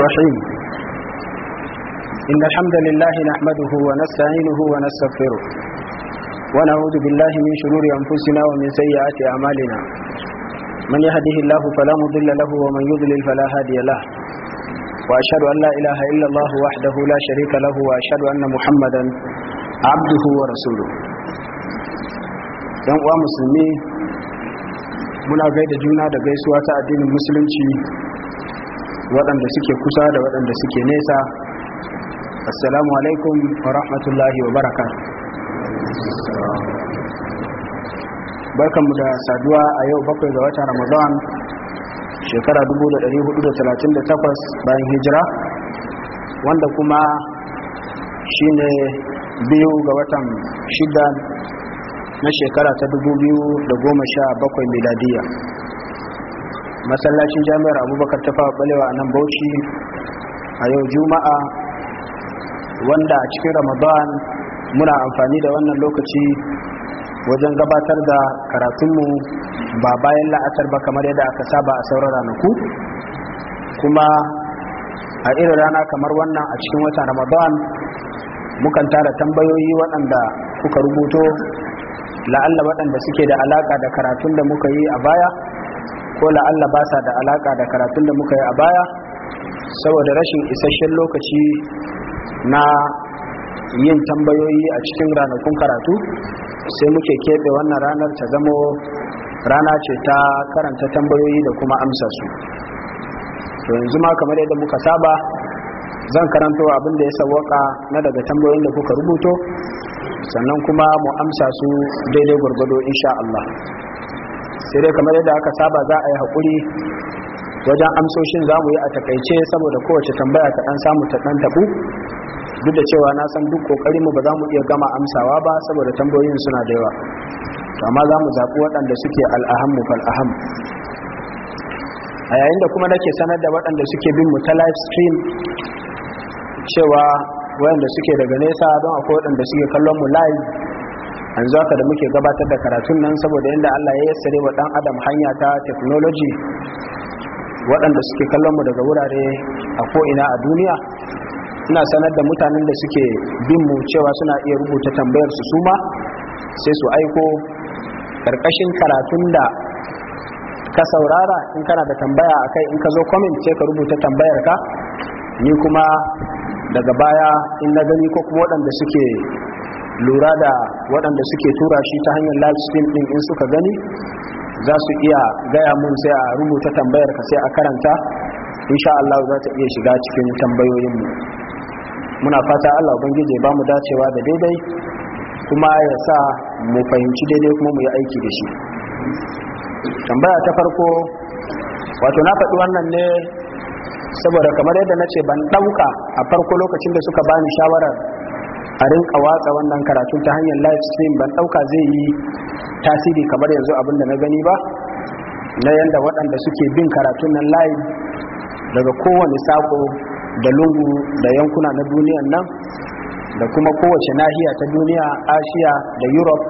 الرحيم إن الحمد لله نحمده ونستعينه ونستغفره ونعوذ بالله من شرور أنفسنا ومن سيئات أعمالنا من يهده الله فلا مضل له ومن يضلل فلا هادي له وأشهد أن لا إله إلا الله وحده لا شريك له وأشهد أن محمدا عبده ورسوله يوم مسلمين muna gaida juna da gaisuwa ta addinin musulunci waɗanda suke kusa da waɗanda suke nesa assalamu alaikum wa rahmatullahi wa baraka barkanmu da saduwa a yau bakwai ga watan ramadan shekara 1438 bayan hijira wanda kuma shi ne biyu ga watan shida na shekara ta 2017 miladiyya masallacin jami'ar abubakar ta fara balewa a nan bauchi a yau juma'a wanda a cikin ramadan muna amfani da wannan lokaci wajen gabatar da karatunmu ba bayan la'asar ba kamar yadda aka saba a sauran ranaku kuma a irin rana kamar wannan a cikin watan ramadan mukan tara tambayoyi waɗanda kuka rubuto la'alla waɗanda suke da alaƙa da karatun da muka yi a baya ko Allah ba sa da alaka da karatun da muka yi a baya saboda rashin isasshen lokaci na yin tambayoyi a cikin ranakun karatu sai muke keɓe wannan ranar ta zamo rana ce ta karanta tambayoyi da kuma amsa su to yanzu ma kamar yadda muka saba zan karanto abin da ya sawaka na daga tambayoyin da kuka rubuto sannan kuma mu amsa su daidai gwargwado insha Allah sai dai kamar yadda aka saba za a yi hakuri wajen amsoshin za mu yi a takaice saboda kowace tambaya ta ɗan samu ta ɗan tabu duk da cewa na san duk ƙoƙarinmu ba za mu iya gama amsawa ba saboda tambayoyin suna da yawa amma za mu zaɓi waɗanda suke al'ahammu fal'aham a yayin da kuma nake sanar da waɗanda suke bin mu ta live stream cewa waɗanda suke daga nesa don akwai waɗanda suke kallon mu live yanzu haka da muke gabatar da karatun nan saboda yadda Allah ya yassare wa dan adam hanya ta technology waɗanda suke kallon mu daga wurare a ko'ina a duniya ina sanar da mutanen da suke bin mu cewa suna iya rubuta tambayar su suma sai su aiko ƙarƙashin karatun da ka saurara in kana da tambaya a kai in ka zo comment sai ka rubuta tambayar ka ni kuma daga baya in na gani ko kuma waɗanda suke lura da waɗanda suke tura shi ta hanyar live stream ɗin in suka gani za su iya gaya mun sai a rubuta tambayar ka sai a karanta insha Allah za ta iya shiga cikin tambayoyin mu muna fata Allah ubangije ba mu dacewa da daidai kuma ya sa mu fahimci daidai kuma mu yi aiki da shi tambaya ta farko wato na faɗi wannan ne saboda kamar yadda na ce ban ɗauka a farko lokacin da suka bani shawarar a rinka watsa wannan karatu ta hanyar live stream ban dauka zai yi tasiri kamar yanzu abin da na gani ba na yanda waɗanda suke bin karatu nan live daga kowane sako da lungu da yankuna na duniyan nan da kuma kowace nahiya ta duniya asiya da europe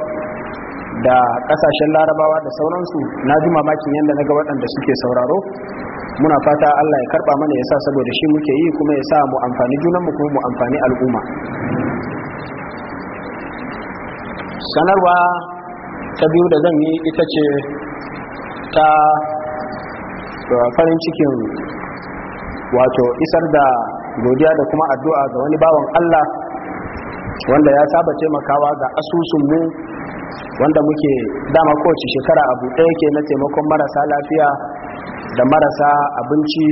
da kasashen larabawa da sauransu na ji mamakin yadda na ga waɗanda suke sauraro muna fata allah ya karba mana ya sa saboda shi muke yi kuma ya sa mu amfani junanmu kuma mu amfani al'umma sanarwa ta biyu da zan yi ita ce ta uh, farin cikin wato isar da godiya da kuma addu'a ga wani bawan Allah wanda ya saba taimakawa ga asusunmu wanda muke dama kowace shekara abu ɗaya ke na taimakon marasa lafiya da marasa abinci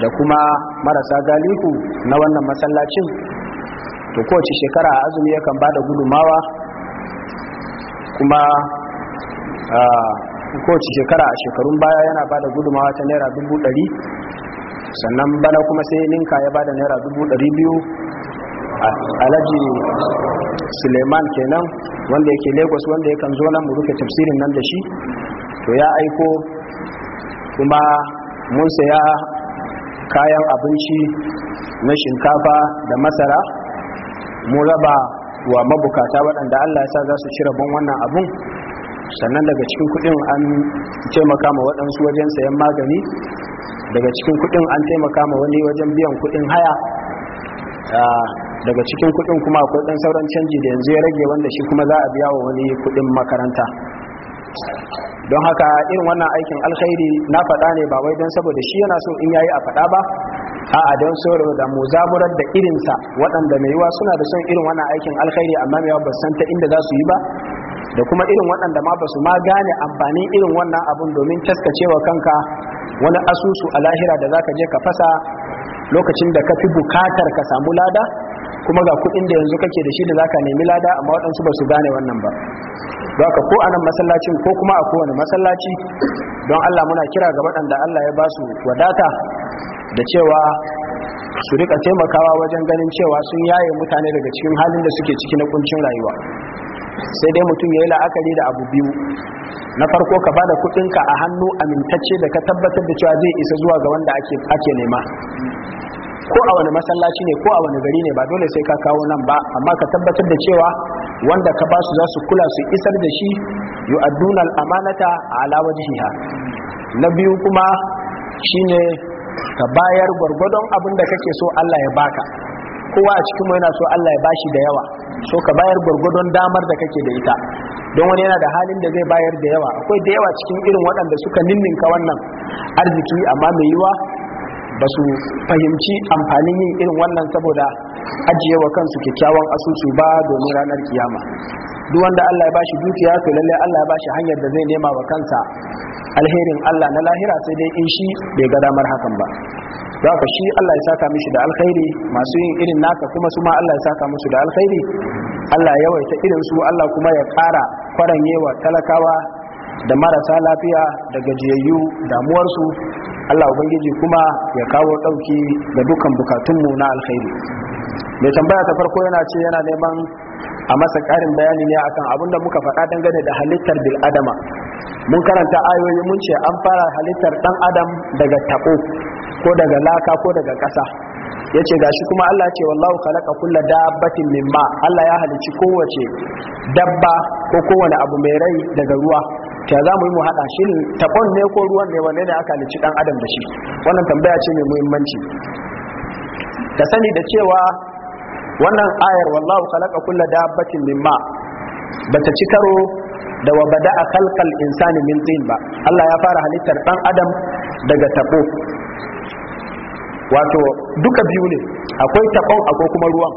da kuma marasa galihu na wannan masallacin to kowace shekara azumi yakan ba da gudumawa kuma kowace shekara a shekarun baya yana bada gudumawa ta naira dubu ɗari sannan bana kuma sai ninka ya bada naira dubu ɗari biyu alhaji suleiman kenan wanda yake lagos wanda ya kan zo nan mu rufe tafsirin nan da shi to ya aiko kuma mun saya kayan abinci na shinkafa da masara mu raba wa mabukata waɗanda Allah ya sa za su ci rabon wannan abun sannan daga cikin kudin an taimaka ma waɗansu wajen sayan magani daga cikin kudin an taimaka ma wani wajen biyan kudin haya ah, daga cikin kudin kuma akwai ɗan sauran canji da yanzu ya rage wanda shi kuma za a biya wa wani kudin makaranta don haka irin wannan aikin alkhairi na faɗa ne ba wai don saboda shi yana so in yayi a faɗa ba a'a don soro da mu zaburar da irinsa waɗanda mai yiwa suna da son irin wannan aikin alkhairi amma mai ba san ta inda za su yi ba da kuma irin waɗanda ma ba su ma gane amfanin irin wannan abun domin taskacewa kanka wani asusu a lahira da zaka je ka fasa lokacin da ka fi bukatar ka samu lada kuma ga kuɗin da yanzu kake da shi da zaka nemi lada amma waɗansu ba su gane wannan ba don haka ko anan masallacin ko kuma a kowane masallaci don Allah muna kira ga waɗanda Allah ya ba su wadata da cewa su rika taimakawa wajen ganin cewa sun yaye mutane daga cikin halin da suke ciki na kuncin rayuwa sai dai mutum ya yi la'akari da abu biyu na farko ka bada kudinka a hannu amintacce da ka tabbatar da cewa zai isa zuwa ga wanda ake nema ko a wani masallaci ne ko a wani gari ne ba dole sai ka kawo nan ba amma ka tabbatar da cewa wanda ka basu za su kula su isar da shi yi al-amanata alawar jiha na biyu kuma shine ka bayar gwargwadon abin da kake so Allah ya baka kowa a cikin yana so Allah ya bashi da yawa so ka bayar gwargwadon damar da kake da ita don wani yana da halin da zai bayar da yawa akwai da yawa cikin irin waɗanda suka ninninka wannan arziki amma mai yiwa ba su fahimci amfanin yin irin wannan saboda ajiye wa kansu kyakkyawan asusu ba domin ranar kiyama duk wanda Allah ya bashi dukiya to lalle Allah ya bashi hanyar da zai nema wa kansa alherin Allah na lahira sai dai in shi bai ga damar hakan ba za ka shi Allah ya saka mishi da alkhairi masu yin irin naka kuma su ma Allah ya saka musu da alkhairi Allah ya yawaita irin su Allah kuma ya ƙara kwaranyewa talakawa da marasa lafiya da gajiyayyu damuwarsu Allah ubangiji kuma ya kawo ɗauki da dukkan bukatunmu na alkhairi mai tambaya ta farko yana ce yana neman a masa ƙarin bayani ne akan abinda muka faɗa dangane da halittar bil adama mun karanta ayoyi mun ce an fara halittar ɗan adam daga taɓo ko daga laka ko daga ƙasa ya ce gashi kuma Allah ce wallahu khalaqa kulla dabbatin mimma Allah ya halicci kowace dabba ko kowane abu mai rai daga ruwa ta za mu yi mu haɗa shi taɓon ne ko ruwan ne wanne ne aka halici ɗan adam da shi wannan tambaya ce mai muhimmanci ka sani da cewa wannan ayar wallahu khalaqa kulla dabbatin mimma bata ci karo da wa a khalqal insani min tin ba Allah ya fara halittar dan adam daga tabo wato duka biyu ne akwai tabon akwai kuma ruwan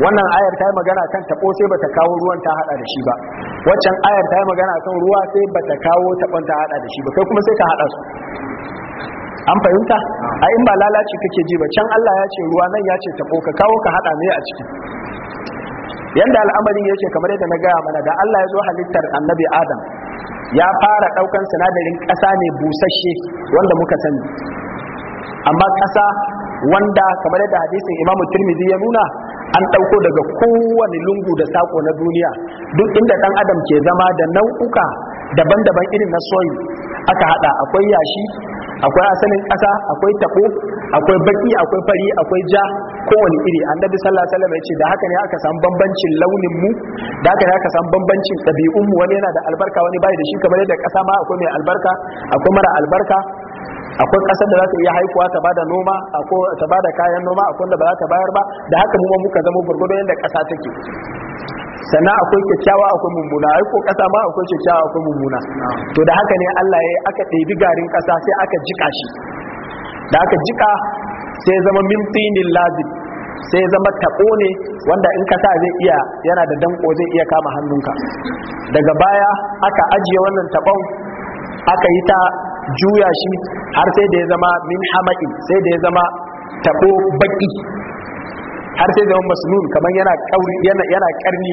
wannan ayar ta yi magana kan tabo sai bata kawo ruwan ta hada da shi ba waccan ayar ta yi magana kan ruwa sai bata kawo tabon ta hada da shi ba kai kuma sai ka hada su an fahimta a in ba lalaci kake ji ba can Allah ya ce ruwa nan ya ce tabo ka kawo ka hada ne a ciki yanda al'amarin yake kamar yadda na gaya mana da Allah ya zo halittar annabi Adam ya fara daukan sinadarin kasa ne busasshe wanda muka sani amma kasa wanda kamar yadda hadisin Imam Tirmidhi ya nuna an ɗauko daga kowane lungu da sako na duniya duk inda ɗan adam ke zama da nau'uka daban-daban irin na soil aka haɗa, akwai yashi akwai asalin ƙasa akwai taɓo akwai baki akwai fari akwai ja kowane iri annabi sallallahu alaihi wasallam ce da haka ne aka san bambancin launin mu da haka ne aka san bambancin ɗabi'un mu wani yana da albarka wani bai da shi kamar yadda ƙasa ma akwai mai albarka akwai mara albarka akwai kasar da za ta iya haikuwa ta bada noma akwai ta bada kayan noma akwai da ba za ta bayar ba da haka mu muka zama gurgudu yadda kasa take sannan akwai kyakkyawa akwai mummuna ai ko kasa ma akwai kyakkyawa akwai mummuna to da haka ne Allah ya aka ɗebi garin kasa sai aka jika shi da aka jika sai zama min lazi sai zama taɓo ne wanda in ka zai iya yana da danko zai iya kama hannunka daga baya aka ajiye wannan taɓon aka yi ta juya shi har sai da ya zama min hama'i sai da ya zama tabo baki har sai da yawan masnun kamar yana kauri yana yana karni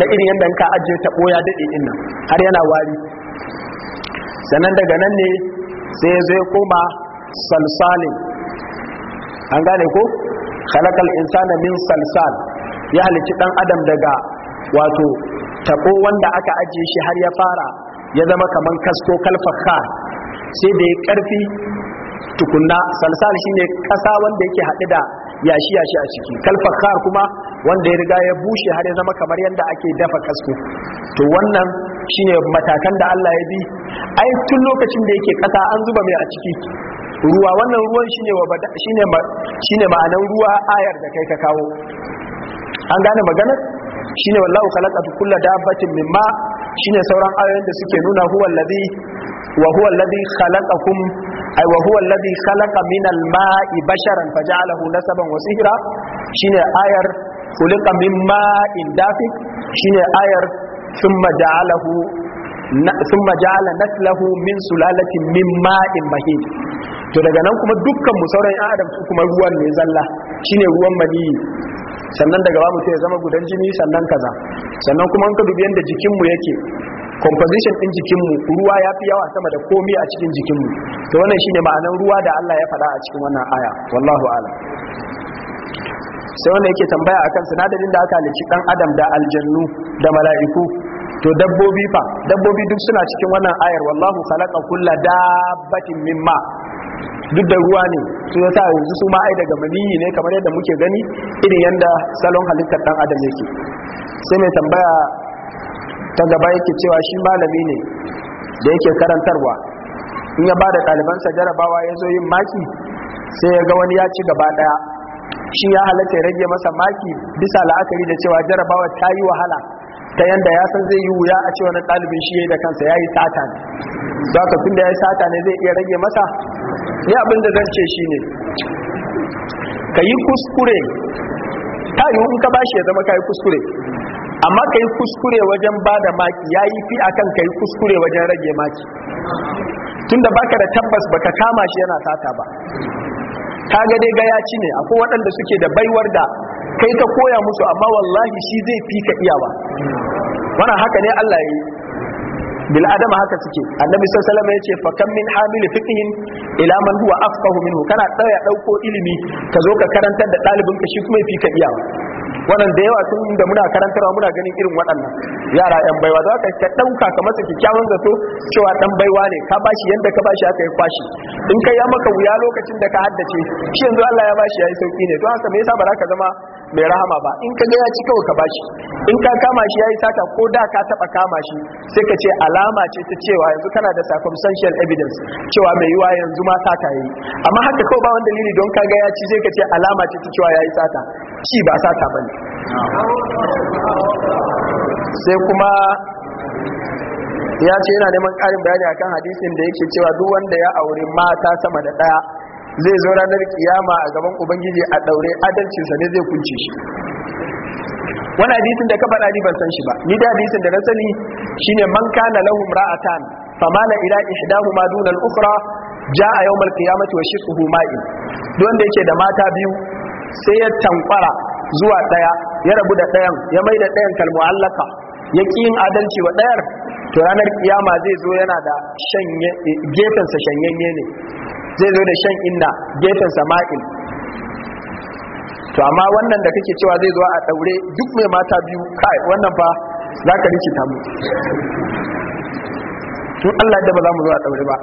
na irin yadda ka ajiye tabo ya dade din nan har yana wari sannan daga nan ne sai ya zai koma salsalin an gane ko khalaqal insana min salsal ya halici dan adam daga wato tabo wanda aka ajiye shi har ya fara ya zama kaman kasko kalfakar sai da ya karfi tukunna salsal shine kasa wanda yake haɗe da yashi yashi a ciki kalfakar kuma wanda ya riga ya bushe har ya zama kamar yadda ake dafa kasko to wannan shine matakan da Allah ya bi ai tun lokacin da yake kasa an zuba mai a ciki ruwa wannan ruwan shine wa ma'anan ruwa ayar da kai ka kawo an gane maganar shine wallahu khalaqatu da dabbatin mimma shine sauran ayoyin da suke nuna huwa alladhi wa huwa alladhi khalaqakum ay wa huwa alladhi khalaqa min al-ma'i basharan faj'alahu nasaban wa sihra shine ayar khuliqa min ma'in dafiq shine ayar thumma ja'alahu thumma ja'ala naslahu min sulalatin min ma'in mahin to daga nan kuma dukkan mu sauran adam su kuma ruwan ne zalla shine ruwan maniyi sannan daga ba mutum ya zama gudan jini sannan kaza sannan kuma an ka dubi yadda jikinmu yake composition din jikinmu ruwa ya fi yawa sama da komi a cikin jikinmu to wannan shine ma'anar ruwa da Allah ya faɗa a cikin wannan aya wallahu a'lam sai wannan yake tambaya akan sinadarin da aka halicci dan adam da aljannu da mala'iku to dabbobi fa dabbobi duk suna cikin wannan ayar wallahu khalaqa kulla dabbatin mimma duk da ruwa ne su yasa yanzu su ma ai daga maniyi ne kamar yadda muke gani irin yadda salon halittar ɗan adam yake sai mai tambaya ta gaba yake cewa shi malami ne da yake karantarwa in ya bada ɗalibansa jarabawa ya zo yin maki sai ya ga wani ya ci gaba ɗaya shi ya halatta ya rage masa maki bisa la'akari da cewa jarabawa ta yi wahala ta yanda ya san zai yi wuya a cewa na ɗalibin shi ya yi da kansa ya yi sata ne za ka tun da ya yi sata ne zai iya rage masa ni abin da zan ce ne, ka yi kuskure ta yi in ka bashi ya zama ka yi kuskure amma ka yi kuskure wajen ba da maki ya yi fi akan ka yi kuskure wajen rage maki tunda baka da tabbas baka kama shi yana sata ba ka ga dai gaya ci ne akwai waɗanda suke da baiwar da kai ka koya musu amma wallahi shi zai fi ka iyawa wannan haka ne Allah ya yi bil adama haka suke annabi sallallahu alaihi ya yace fa kam min hamil fiqhin ila man huwa afqahu minhu kana tsaya dauko ilimi ka zo ka karantar da dalibin ka shi kuma yafi ka iya wannan da yawa sun da muna karantarwa muna ganin irin waɗannan yara yan baiwa za ka ɗauka ka masa kyakkyawan zato cewa ɗan baiwa ne ka bashi yadda ka bashi aka yi kwashi in kai ya maka wuya lokacin da ka haddace shi yanzu Allah ya bashi yayi sauki ne don haka me yasa ba za ka zama mai rahama ba in ka ga ya ci kawai ka bashi in ka kama shi yayi sata ko da ka taba kama shi sai ka ce alama ce ta cewa yanzu kana da circumstantial evidence cewa mai yiwa yanzu ma sata yayi amma haka kawai ba wani dalili don ka ga ya ci sai ka ce alama ce ta cewa yayi sata ci ba sata bane sai kuma ya ce yana neman karin bayani akan hadisin da yake cewa duk wanda ya aure mata sama da ɗaya zai zo ranar kiyama a gaban ubangiji a ɗaure adalcinsa ne zai kunce shi wani hadisin da ka faɗa ni ban san shi ba ni da hadisin da na sani shine man kana lahum ra'atan famala ila ihdahuma duna al-ukhra jaa yawm al-qiyamati wa shiqhu ma'in don da yake da mata biyu sai ya tankwara zuwa daya ya rabu da dayan ya maida dayan kalmu'allaka ya ƙi yin adalci wa ɗayar to ranar kiyama zai zo yana da gefensa shanyanye ne zai zo da shan inna gefensa ma'il to amma wannan da kake cewa zai zo a ɗaure duk mai mata biyu kai wannan fa za ka rikita mu tun Allah da ba za mu zo a ɗaure ba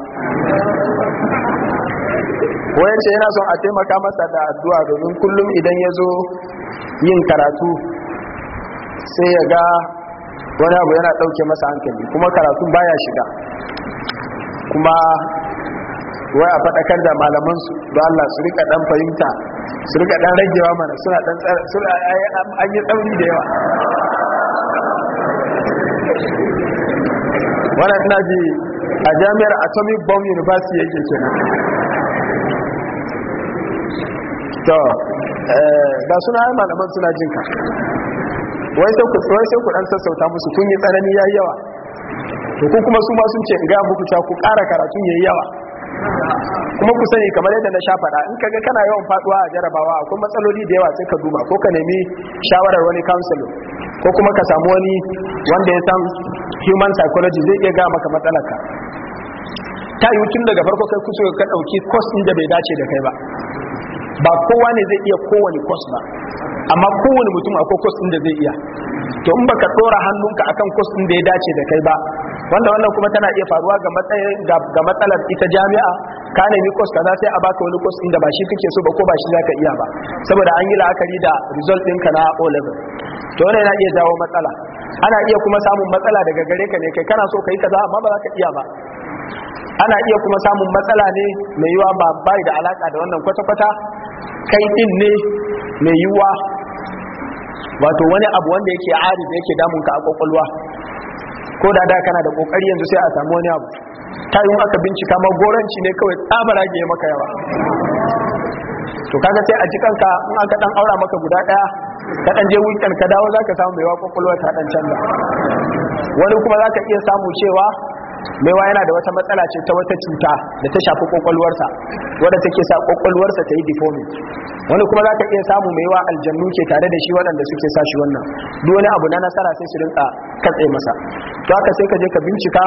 wayan ce yana son a taimaka masa da addu'a domin kullum idan ya zo yin karatu sai ya ga wani abu yana ɗauke masa hankali kuma karatun baya shiga kuma wai a faɗakar da malaman su da Allah su rika ɗan fahimta su rika ɗan ragewa mana suna ɗan suna an yi tsauri da yawa wannan ina ji a jami'ar atomic bomb university yake kenan to eh, ga suna malaman suna jinka wai ku dan sassauta musu kun yi tsanani yayi yawa to ku kuma su ma sun ce ga muku ta ku ƙara karatun yi yawa kuma ku sani kamar yadda na sha faɗa in kaga kana yawan faduwa a jarabawa akwai matsaloli da yawa sai ka duba ko ka nemi shawarar wani counselor ko kuma ka samu wani wanda ya san human psychology zai iya gaya maka matsalarka ta yi tun daga farko kai kusa ka ɗauki course ɗin da bai dace da kai ba ba kowa ne zai iya kowane course ba amma kowane mutum akwai kwas ɗin da zai iya to in baka tsora hannunka akan kwas ɗin da ya dace da kai ba wanda wannan kuma tana iya faruwa ga matsalar ita jami'a ka nemi kwas kaza sai a baka wani kwas ɗin da ba shi kake so ba ko ba shi zaka iya ba saboda an yi la'akari da result ɗinka na O level to wannan yana iya jawo matsala ana iya kuma samun matsala daga gare ka ne kai kana so ka kai kaza amma ba za ka iya ba ana iya kuma samun matsala ne mai yiwa ba bai da alaka da wannan kwata-kwata kai din ne mai yiwa wato wani abu wanda yake arif yake damun ka a kwakwalwa ko da da kana da kokari yanzu sai a samu wani abu ta yi aka bincika ma goranci ne kawai ga ya maka yawa to kaga sai a ji ka in ka dan aura maka guda ɗaya, ka dan je wikin ka dawo zaka samu mai wa kwakwalwa ta dan canza wani kuma zaka iya samu cewa maiwa yana da wata matsala ce ta wata cuta da ta shafi kwakwalwarsa wadda take sa kwakwalwarsa ta yi difomin, wani kuma za ka iya samu yawa aljannu ke tare da shi waɗanda suke sa shi wannan duk wani abu na nasara sai su rinka katse masa to haka sai ka je ka bincika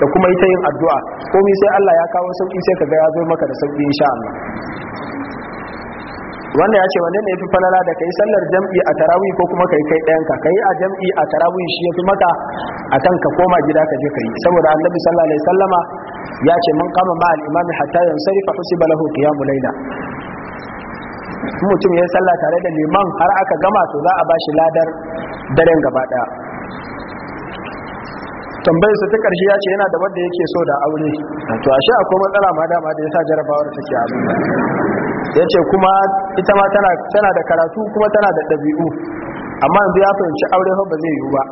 ka kuma yi ta yin addu'a komai sai Allah ya kawo sauki sai ka ga ya zo maka da sauki insha wannan ya ce wanne ne fi falala da kai sallar jam'i a tarawih ko kuma kai kai ka kai a jam'i a tarawih shi yafi maka akan ka koma gida ka je kai saboda annabi sallallahu alaihi sallama ya ce man kama ma al-imami hatta yansarifa husiba lahu qiyamu layla mutum ya yi salla tare da liman har aka gama to za a bashi ladar daren gaba daya tambayar su ta karshe ya ce yana da wanda yake so da aure to ashe akwai matsala ma dama da ya sa jarabawar take abu ya ce kuma ita ma tana da karatu kuma tana da ɗabi'u amma yanzu ya fahimci aure fa ba zai yiwu ba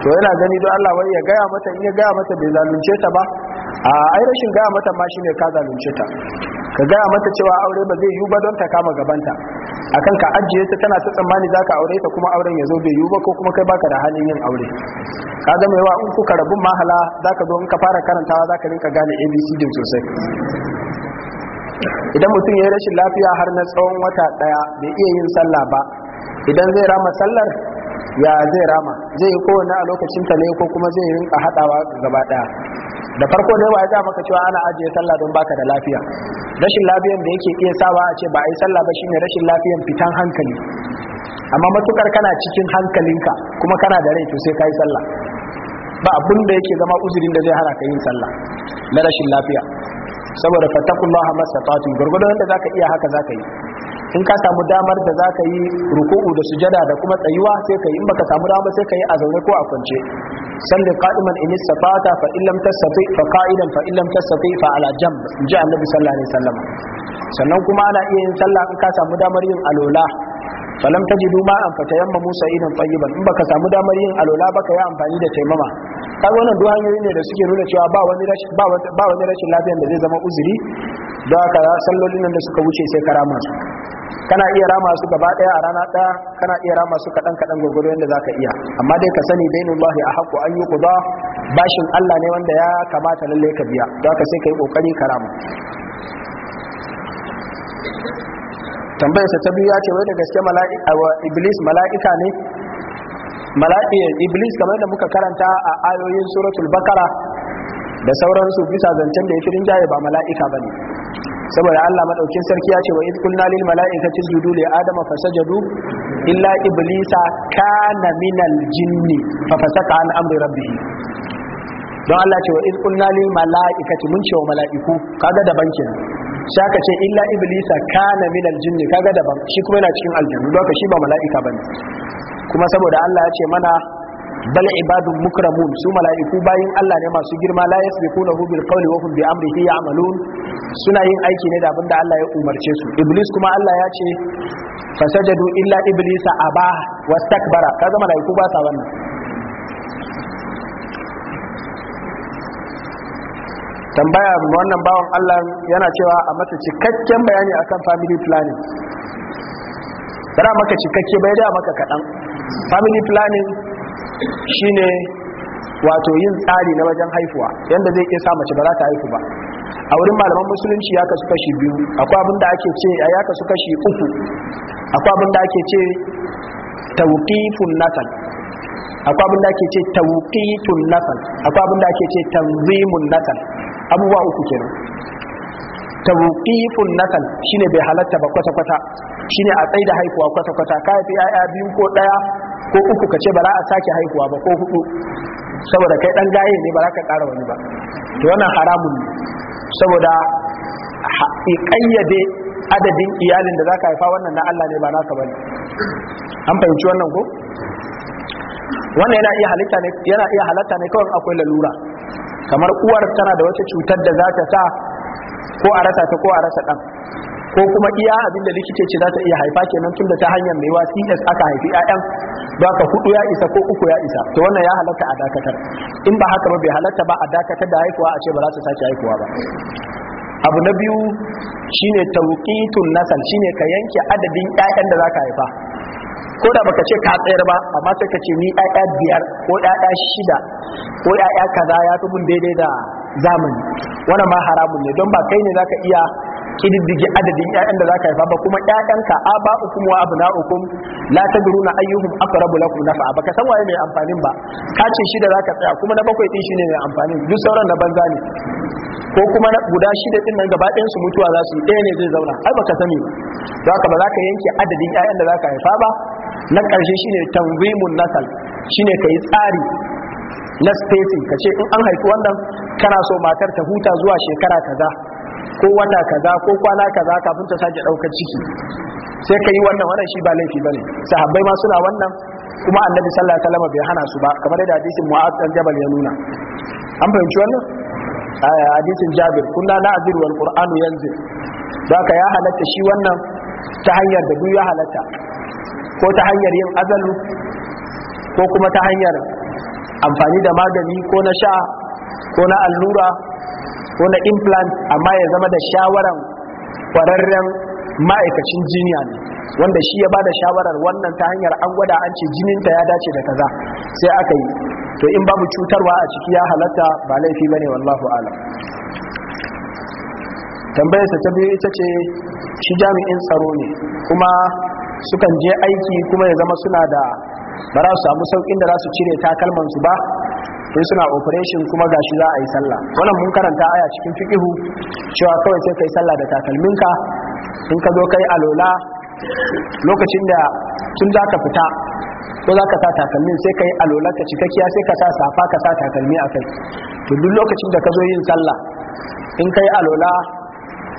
to yana gani don Allah wani ya gaya mata in ya gaya mata bai zalunce ta ba a ai rashin gaya mata ma shine ka zalunce ta ka gaya mata cewa aure ba zai yiwu ba don ta kama gabanta akan ka ajiye ta tana ta tsammani zaka aure ta kuma auren ya zo bai yiwu ba ko kuma kai baka da halin yin aure ka ga yawa in kuka rabu mahala zaka zo in ka fara karantawa zaka rinka gane ABC din sosai idan mutum ya yi rashin lafiya har na tsawon wata daya bai iya yin sallah ba idan zai rama sallar ya zai rama zai yi kowane a lokacin ta ne ko kuma zai a hadawa gaba daya da farko dai ba ya maka cewa ana ajiye sallah don baka da lafiya rashin lafiyan da yake iya sawa a ce ba a yi sallah ba shine rashin lafiyan fitan hankali amma matukar kana cikin hankalinka kuma kana da rai to sai ka yi sallah ba abun da yake zama uzurin da zai hana ka yin sallah na rashin lafiya saboda fattakullaha masatatu gurgudun da zaka iya haka zaka yi in ka samu damar da zaka yi ruku'u da sujada da kuma tsayuwa sai ka yi in baka samu damar sai ka yi a zaune ko a kwance salli qa'iman in istata fa in lam fa qa'idan fa in lam tastati fa ala jamb ji annabi sallallahu alaihi wasallam sannan kuma ana iya yin sallah in ka samu damar yin alola falam tajidu ma an fatayamma musa idan tayyiban in baka samu damar yin alola baka yi amfani da taimama kai wannan duk hanyoyi ne da suke nuna cewa ba wani rashin ba wani rashin lafiyan da zai zama uzuri don haka sallolin nan da suka wuce sai ka rama su kana iya rama su gaba daya a rana daya kana iya rama su kadan kadan gurgudu yadda zaka iya amma dai ka sani dainul lahi a haqqu an yuqda bashin Allah ne wanda ya kamata lalle ka biya don haka sai kai kokari ka rama sa ta biyu ya ce wai da gaske mala'ika iblis mala'ika ne mala'iyar iblis kamar da muka karanta a ayoyin suratul bakara da sauransu bisa zancen da ya fi rinjaye ba mala'ika ba ne saboda Allah madaukin sarki ya ce wa idkulna lil mala'ikati isjudu li adama fasajadu illa iblisa kana minal jinni fa fasaka an amri rabbih don Allah ce wa idkulna lil mun ce wa mala'iku kaga da bankin sai ce illa iblisa kana min aljinni kaga daban shi kuma yana cikin aljannu don shi ba mala'ika bane kuma saboda Allah ya ce mana bal ibadun mukramun su mala'iku bayin Allah ne masu girma la yasbiquna hu bil qawli wa hum bi amrihi ya'malun suna yin aiki ne da abinda Allah ya umarce su iblis kuma Allah ya ce fasajadu illa iblisa aba wastakbara kaga mala'iku ba sa wannan tambaya wannan bawan Allah yana cewa a masa cikakken bayani akan family planning bara maka cikakke bai da maka kaɗan family planning shine wato yin tsari na wajen haifuwa yadda zai iya sa mace ba za ta haifu ba a wurin malaman musulunci ya kasu kashi biyu akwai abin da ake ce ya kasu kashi uku akwai abin da ake ce tawqifun natal akwai abin da ake ce tawqitun natal akwai abin da ake ce tanzimun natal abubuwa uku kenan tawqifun nakal shine bai halatta ba kwata kwata shine a tsaida haihuwa kwata kwata ka fi yaya biyu ko daya ko uku ka ce ba za a sake haihuwa ba ko hudu saboda kai dan gaye ne ba za ka kara wani ba to wannan haramun ne saboda kayyade adadin iyalin da za ka haifa wannan na Allah ne ba naka bane an fahimci wannan ko wannan yana iya halitta ne yana iya halatta ne kawai akwai lalura kamar uwar tana da wata cutar da za ta sa ko a rasa ta ko a rasa ɗan ko kuma iya abinda da likita ce za ta iya haifa kenan tunda ta hanyar mai wa cs aka haifi ƴaƴan ba ka hudu ya isa ko uku ya isa to wannan ya halatta a dakatar in ba haka ba bai halatta ba a dakatar da haihuwa a ce ba za ta sake haihuwa ba abu na biyu shine tawqitun nasal shine ka yanke adadin ƴaƴan da za ka haifa ko da baka ce ka tsayar ba amma sai ka ce ni ƴaƴa biyar ko ƴaƴa shida ko ƴaƴa kaza ya fi mun daidai da zamani wannan ma haramun ne don ba kai ne zaka iya kididdige adadin ƴaƴan da zaka haifa ba kuma ƴaƴanka ukum wa abna'ukum la tadruna ayyuhum aqrabu lakum naf'a baka san waye mai amfanin ba ka ce shida zaka tsaya kuma na bakwai din shine mai amfanin duk sauran na banza ne ko kuma na guda shida din nan gaba ɗayan su mutuwa za su yi ɗaya ne zai zauna ai baka sani ba don ba za ka yanke adadin ƴaƴan da zaka haifa ba na ƙarshe shine tanzimun nasal shine kai tsari na spacing ka ce in an haifi wannan kana so matar ta huta zuwa shekara kaza ko wata kaza ko kwana kaza kafin ta sake ɗaukar ciki sai ka yi wannan wannan shi ba laifi bane sahabbai ma suna wannan kuma annabi sallallahu alaihi wasallam bai hana su ba kamar da hadisin mu'adh dan jabal ya nuna an fahimci wannan hadisin jabir kunna na'zir wal qur'anu yanzil ka ya halatta shi wannan ta hanyar da duk ya halatta ko ta hanyar yin azalu ko kuma ta hanyar amfani da magani ko na sha ko na allura ko na implant amma ya zama da shawaran kwararren ma'aikacin jiniya ne wanda shi ya ba da shawarar wannan ta hanyar an gwada an ce jininta ya dace da kaza sai aka yi to in babu cutarwa a ciki ya halatta ba laifi bane wallahu alam tambayarsa ta biyu ita ce shi jami'in tsaro ne kuma sukan je aiki kuma ya zama suna da ba za su samu saukin da za su cire takalman su ba sai suna operation kuma gashi za a yi sallah wannan mun karanta aya cikin fiqihu cewa kawai sai kai sallah da takalminka in ka zo kai alola lokacin da tun za ka fita ko za ka sa takalmin sai ka yi alola ka cikakkiya sai ka sa safa ka sa takalmi a kai to duk lokacin da ka zo yin sallah in ka yi alola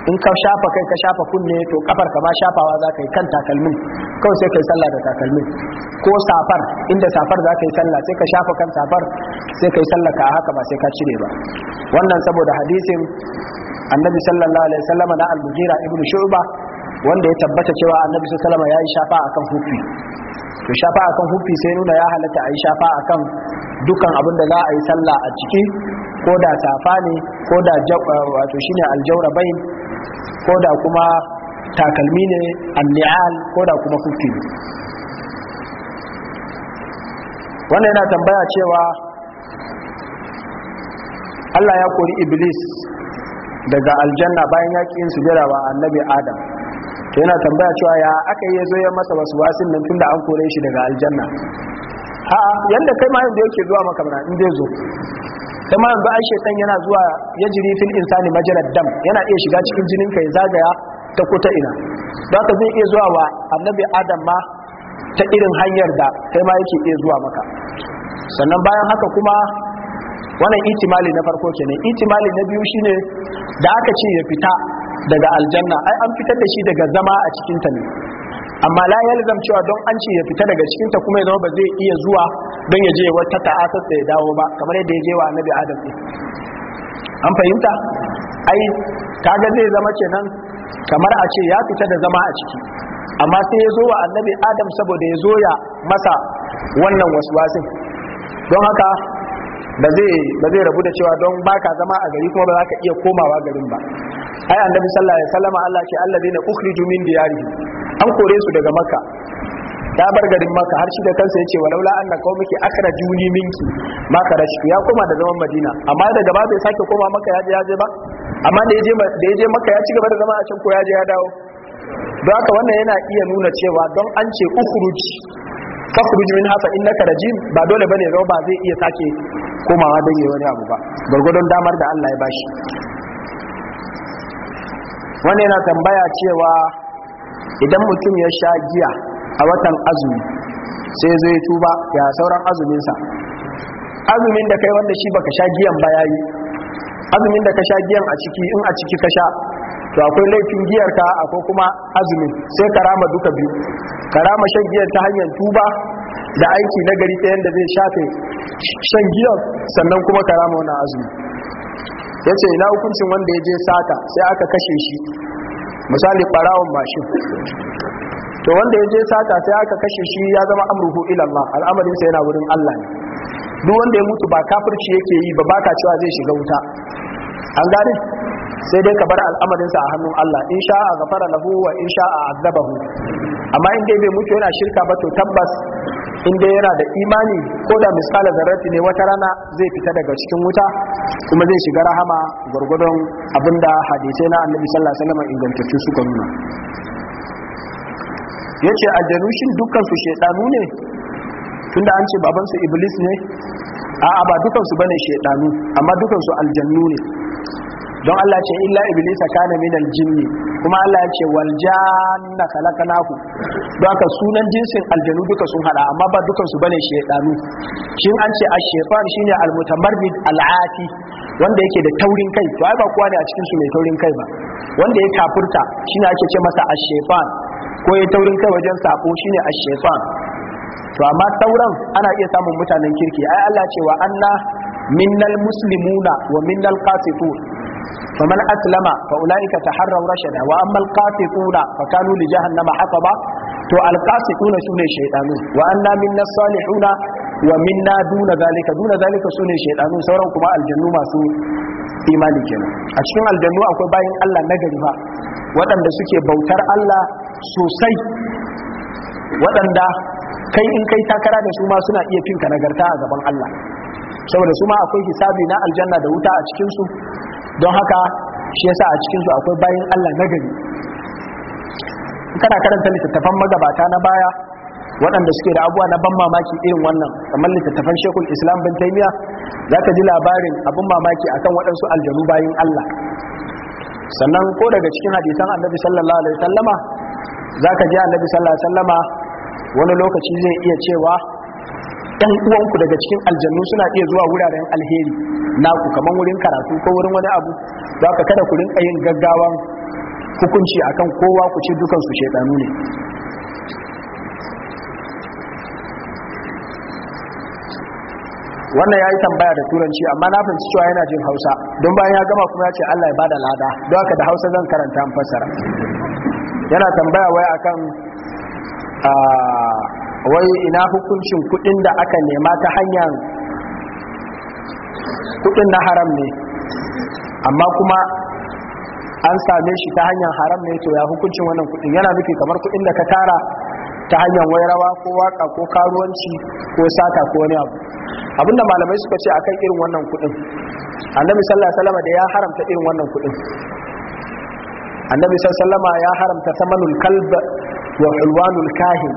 in ka shafa kai ka shafa kunne to kafar ka ma shafawa za ka yi kan takalmin kawai sai ka yi sallah da takalmin ko safar inda safar za ka yi sallah sai ka shafa kan safar sai ka yi sallah ka haka ba sai ka cire ba wannan saboda hadisin annabi sallallahu alaihi wasallam na al-mughira ibnu shu'ba wanda ya tabbata cewa annabi sallama ya yi shafa akan hufi to shafa akan hufi sai nuna ya halatta a yi shafa akan dukkan abin da za a yi sallah a ciki ko da safa ne ko da wato shine aljaura ko da kuma takalmi ne anni'al ko da kuma hufi wannan yana tambaya cewa Allah ya kori Iblis daga aljanna bayan su jira wa annabi Adam yana tambaya cewa ya aka yi zo ya masa wasu wasin nan tunda an kore shi daga aljanna a'a yanda kai ma yanda yake zuwa maka in zai zo ma yanzu ai shaitan yana zuwa ya jiri fil insani majalad dam yana iya shiga cikin jinin ka zagaya ta ko ina don ka zai iya zuwa wa annabi adam ma ta irin hanyar da kai ma yake iya zuwa maka sannan bayan haka kuma wannan itimali na farko kenan itimali na biyu shine da aka ce ya fita daga aljanna ai an fitar da shi daga zama a cikinta ne amma la yalzam cewa don an ce ya fita daga cikin ta kuma ya zama ba zai iya zuwa don ya je wata ta'asar ya dawo ba kamar yadda ya je wa annabi adam ne an fahimta ai kaga zai zama kenan kamar a ce ya fita da zama a ciki amma sai ya zo wa annabi adam saboda ya zo ya masa wannan waswasin don haka ba zai rabu da cewa don baka zama a gari kuma ba za ka iya komawa garin ba ai annabi sallallahu alaihi wasallam Allah Allah alladheena ukhriju min diyarihi an kore su daga makka ta bar garin maka har shi da kansa yace walaula anna qaumiki akhrajuni minki ma karashtu ya koma da zaman madina amma daga ba bai sake koma maka yaje yaje ba amma da yaje da yaje maka ya ci gaba da zama a can ko yaje ya dawo don haka wannan yana iya nuna cewa don an ce ukhruj fakhruj min hafa innaka rajim ba dole bane zo ba zai iya sake komawa dan yayi wani abu ba gurgudun damar da Allah ya bashi wani yana tambaya cewa idan mutum ya sha giya a watan azumi sai zai tuba ya sauran azuminsa azumin da kai wanda shi ba ka sha giyan ba yayi azumin da ka sha giyan a ciki in a ciki ka sha to akwai laifin giyar ka akwai kuma azumi sai karama duka biyu karama shan giyar ta hanyar tuba da aiki na gari ɗayan da zai shafe shan giyar sannan kuma karama wani azumi ya ce ina hukuncin wanda ya je sata sai aka kashe shi misali ɓarawon mashin to wanda ya je sata sai aka kashe shi ya zama amruhu ilallah al'amarinsa yana wurin Allah ne duk wanda ya mutu ba kafirci yake yi ba baka cewa zai shiga wuta an gane sai dai ka bar al'amarinsa a hannun Allah in sha'a gafara lahu wa in sha'a azabahu amma in dai bai mutu yana shirka ba to tabbas in dai yana da imani ko da misalan zarrati ne wata rana zai fita daga cikin wuta kuma zai shiga rahama gwargwadon abinda hadisai na annabi sallallahu alaihi wasallam ingantattu suka nuna yace aljanu dukkan su shedanu ne tunda an ce baban su iblis ne a'a ba dukkan su bane shedanu amma dukkan su aljannu ne don Allah ce illa iblisa kana minal jinni kuma Allah ce wal janna khalaqnahu don ka sunan jinsin aljanu duka sun hada amma ba dukan su bane shaytanu shin an ce ash-shaytan shine al-mutamarrid al-ati wanda yake da taurin kai to ai ba kowa ne a cikin su mai taurin kai ba wanda ya kafurta shine ake ce masa ash-shaytan ko ya taurin kai wajen sako shine ash-shaytan to amma sauran ana iya samun mutanen kirki ai Allah ce wa anna minnal muslimuna wa minnal qasitun faman aslama fa ulaika taharraw rashada wa amma alqasituna fa kanu li jahannama hasaba to alqasituna sune shaydanu wa anna minna salihuna wa minna duna zalika duna zalika sune shaydanu sauran kuma aljannu masu imani kenan a cikin aljannu akwai bayin Allah nagari ba waɗanda suke bautar Allah sosai waɗanda kai in kai takara da suma suna iya finka nagarta a gaban Allah saboda suma akwai hisabi na aljanna da wuta a cikinsu don haka shi yasa a cikin su akwai bayan Allah na gari kana karanta littattafan magabata na baya waɗanda suke da abuwa na ban mamaki irin wannan kamar littattafan shekul islam bin taimiya za ka ji labarin abin mamaki akan waɗansu aljanu bayan allah sannan ko daga cikin hadisan annabi sallallahu alaihi wasallama za ka ji annabi sallallahu alaihi wasallama wani lokaci zai iya cewa ɗan uwanku daga cikin aljannu suna iya zuwa wuraren alheri naku kamar wurin karatu ko wurin wani abu za ka kada ku rinka yin gaggawan hukunci akan kowa ku ce dukansu shaidanu ne wannan ya yi tambaya da turanci amma na fahimci cewa yana jin hausa don bayan ya gama kuma ya ce allah ya bada lada don haka da hausa zan karanta an fassara yana tambaya wai akan ah, wai ina hukuncin kudin da aka nema ta hanyar kudin na haram ne amma kuma an same shi ta hanyar haram ne to ya hukuncin wannan kudin yana nufi kamar kudin da ka tara ta hanyar wairawa ko waka ko karuwanci ko sata ko wani abu abinda malamai suka ce akan irin wannan kudin annabi sallallahu alaihi wasallam da ya haramta irin wannan kudin annabi sallallahu alaihi wasallam ya haramta samanul kalb wa ulwanul kahin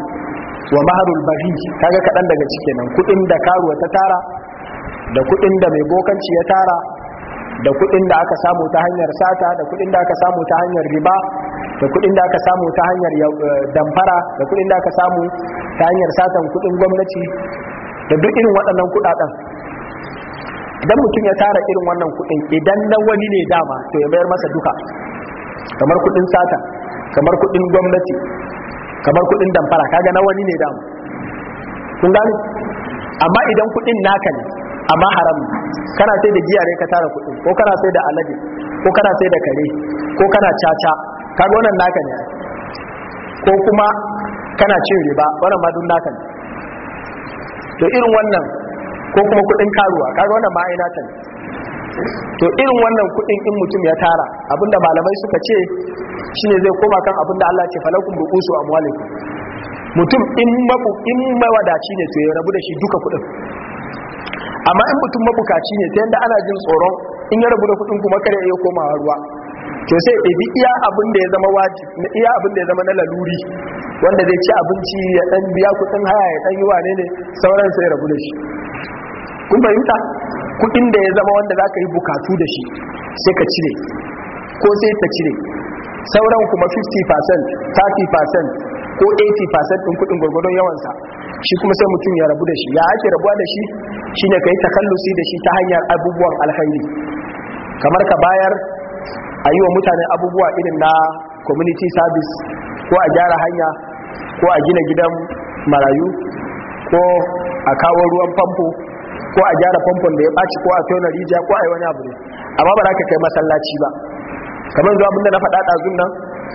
wa maharul bahi kaga kaɗan daga cikin nan kuɗin da karuwa ta tara da kuɗin da mai bokanci ya tara da kuɗin da aka samu ta hanyar sata da kuɗin da aka samu ta hanyar riba da kuɗin da aka samu ta hanyar eh, damfara da kuɗin da aka samu ta hanyar satan kuɗin gwamnati da duk irin waɗannan kuɗaɗen idan mutum ya tara irin wannan kuɗin idan na wani ne dama to ya bayar masa duka kamar kuɗin sata kamar kuɗin gwamnati kamar kudin damfara kaga na wani ne dama kun gani amma idan kudin naka ne amma haram kana sai da giya ne ka tara kudin ko kana sai da alade ko kana sai da kare ko kana caca kaga wannan naka ne ko kuma kana cin riba wannan ma duk naka ne to irin wannan ko kuma kudin karuwa kaga wannan ma ai naka ne to irin wannan kuɗin in mutum ya tara abinda malamai suka ce shine zai koma kan abinda Allah ce falakum ru'usu amwalikum mutum in mabu in mawadaci ne to ya rabu da shi duka kuɗin amma in mutum mabukaci ne ta yanda ana jin tsoron in ya rabu da kuɗin kuma kare ya komawa ruwa to sai ɗabi iya abin da ya zama na iya abin da ya zama na laluri wanda zai ci abinci ya ɗan biya kuɗin haya ya ɗan yi wane ne sauran sai rabu da shi kun fahimta kudin da ya zama wanda za ka yi bukatu da shi sai ka cire ko sai ta cire sauran kuma 50% 30% ko 80% ɗin kudin gwargwadon yawansa shi kuma sai mutum ya rabu da shi ya ake rabuwa da shi shine ka yi takallusi da shi ta hanyar abubuwan alkhairi kamar ka bayar a yi wa mutane abubuwa irin na community service ko a gyara hanya ko a gina gidan marayu ko a kawo ruwan famfo ko a gyara famfon da ya ɓaci ko a tona rijiya ko a yi wani abu ne amma ba za ka kai masallaci ba kamar zuwa abinda na faɗa ɗazun nan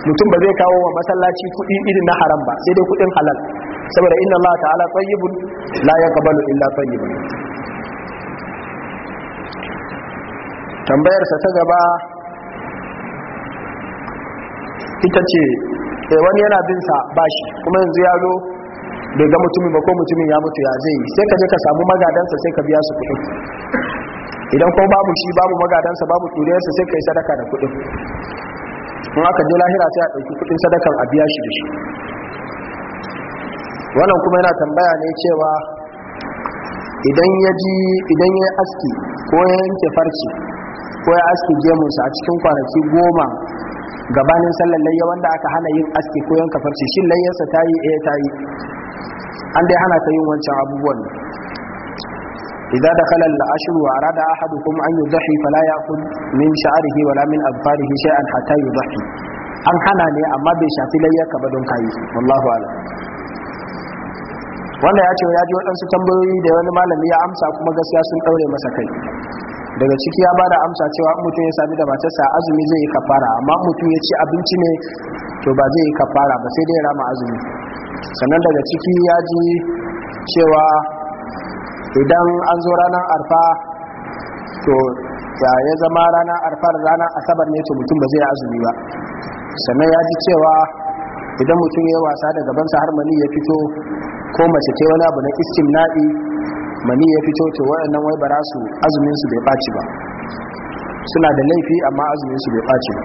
mutum ba zai kawo wa masallaci kuɗi irin na haram ba sai dai kuɗin halal saboda inna Allah ta'ala tayyibun la yaqbalu illa tayyibun tambayarsa ta gaba ita ce eh, wani yana bin sa bashi kuma yanzu ya zo bai ga mutumin ba ko mutumin ya mutu ya zai sai ka je ka samu magadansa sai ka biya su kuɗin idan ko babu shi babu magadansa babu turiyarsa, sai ka yi sadaka da kuɗin in aka je lahira sai a ɗauki kuɗin sadakan a biya shi da shi wannan kuma yana tambaya ne cewa idan ya ji idan ya aski ko ya yanke farci ko ya aski gemunsa a cikin kwanaki goma gabanin sallar layya wanda aka hana yin aski ko yanka farci shin layyarsa ta yi eh ta yi an dai hana ka yin wancan abubuwan إذا دخل العشر وأراد أحدكم أن يضحي فلا min من شعره ولا من أظفاره شيئا حتى يضحي an hana ne amma bai shafi ka ba don kayi wallahu ala wanda ya ce ya ji waɗansu tambayoyi da wani malami ya amsa kuma gaskiya sun ɗaure masa kai daga ciki ya bada amsa cewa mutum ya sami da matarsa azumi zai yi kafara amma mutum ya ci abinci ne to ba zai yi kafara ba sai dai rama azumi sannan daga ciki ya ji cewa idan an zo ranar arfa to ya ya zama ranar arfar ranar asabar ne to mutum ba zai azumi ba sannan ya ji cewa idan mutum ya wasa da gabansa har mani ya fito ko mace ta wani abu na iskin na'i mani ya fito to waɗannan wai bara su azumin bai ɓaci ba suna da laifi amma azuminsu bai ɓaci ba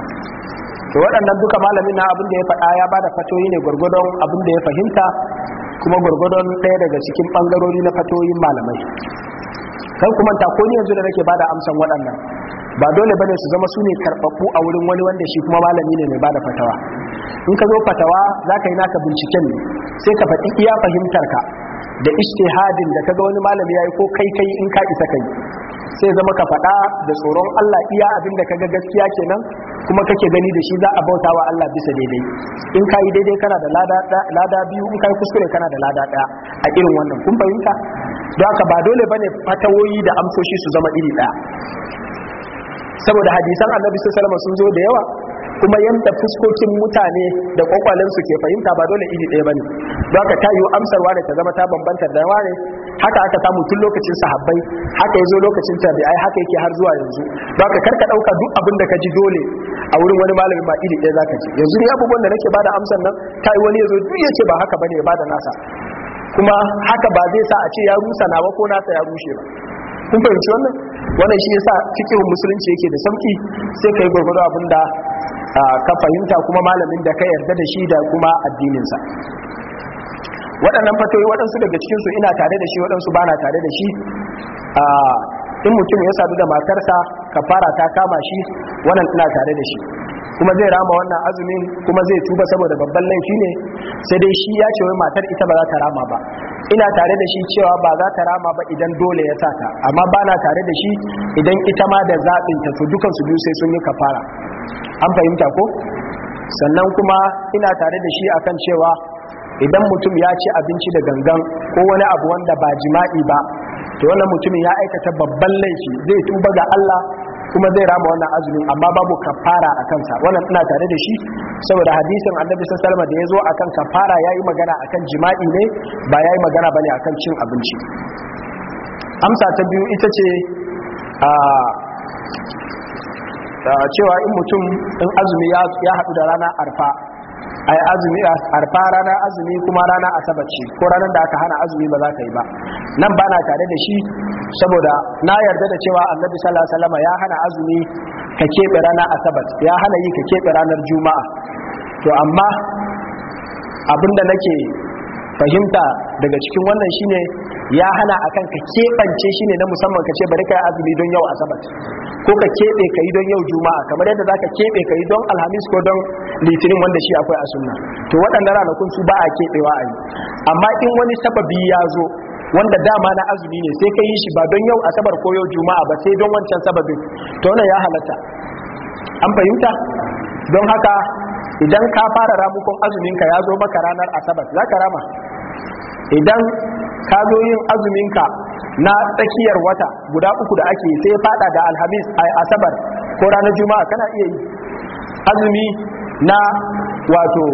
to waɗannan duka malamin na abin da ya faɗa ya bada fatoyi ne gwargwadon abin da ya fahimta kuma gwargwadon ɗaya daga cikin ɓangarori na fatoyin malamai kan kuma ta ko ni yanzu da nake bada amsan waɗannan ba dole ba ne su zama su ne karɓaɓɓu a wurin wani wanda shi kuma malami ne mai bada fatawa in ka zo fatawa za ka yi naka binciken ne sai ka faɗi iya fahimtar ka da istihadin da ga wani malami yayi ko kai kai in ka isa kai sai zama ka faɗa da tsoron Allah iya abin da kaga gaskiya kenan kuma kake gani da shi za a bauta wa Allah bisa daidai in ka yi daidai kana da lada biyu in ka yi kuskure kana da lada ɗaya a irin wannan kun fahimta don haka ba dole bane fatawoyi da amsoshi su zama iri ɗaya saboda hadisan annabi sallallahu alaihi wasallam sun zo da yawa kuma yanda fuskokin mutane da kwakwalen su ke fahimta ba dole iri ɗaya bane don ka ta amsarwa ne ta zama ta bambanta da ne haka aka samu tun lokacin sahabbai haka yazo lokacin tabi'ai haka yake har zuwa yanzu don ka karka dauka duk abin da ka ji dole a wurin wani malamin ba iri ɗaya zaka ji yanzu ne abubuwan da nake bada amsar nan ta yi wani yazo duk yace ba haka bane ya bada nasa kuma haka ba zai sa a ce ya rusa nawa ko nasa ya rushe ba kun fahimci wannan wannan shi yasa cikin musulunci yake da sauki sai kai gurgurdo abin da ka fahimta kuma malamin da ka yarda da shi da kuma addininsa waɗannan fatoyi waɗansu daga cikinsu ina tare da shi waɗansu ba na tare da shi in mutum ya sadu da matarsa ka fara ta kama shi wannan ina tare da shi kuma zai rama wannan azumin kuma zai tuba saboda babban laifi ne sai dai shi ya ce wai matar ita ba za ta rama ba ina tare da shi cewa ba za ta rama ba idan dole ya sata amma ba na tare da shi idan ita ma da zaɓin ta su dukan su biyu sai sun yi kafara an fahimta ko sannan kuma ina tare da shi akan cewa idan mutum ya ci abinci da gangan ko wani abu wanda ba jima'i ba to wannan mutumin ya aikata babban laifi zai tuba ga Allah kuma zai rama wannan azumin amma babu kafara a kansa wannan ina tare da shi saboda hadisin annabi sallallahu da ya zo akan kafara yayi magana akan jima'i ne ba yayi magana bane akan cin abinci amsa ta biyu ita ce a cewa in mutum in azumi ya haɗu da rana arfa a yi azumi arfa rana azumi kuma rana asabar ce ko ranar da aka hana azumi ba za ka yi ba nan ba na tare da shi saboda na yarda da cewa annabi sallallahu alaihi wasallam ya hana azumi ka keɓe ranar asabar ya hana yi ka keɓe ranar juma'a to amma abin da nake fahimta daga cikin wannan shine ya hana akan ka keɓance shi ne na musamman ka ce bari ka azumi don yau asabar ko ka keɓe ka yi don yau juma'a kamar yadda za ka keɓe ka yi don alhamis ko don litinin wanda shi akwai a sunna to waɗanda ranakun su ba a keɓewa a yi amma in wani sababi ya zo wanda dama na azumi ne sai ka yi shi ba don yau asabar ko yau juma'a ba sai don wancan sababin to wannan ya halatta an fahimta don haka idan ka fara ramukon azuminka ya zo maka ranar asabar za ka rama idan ka zo yin azuminka na tsakiyar wata guda uku da ake sai fada da alhamis a asabar ko ranar juma'a kana iya yi azumi na wato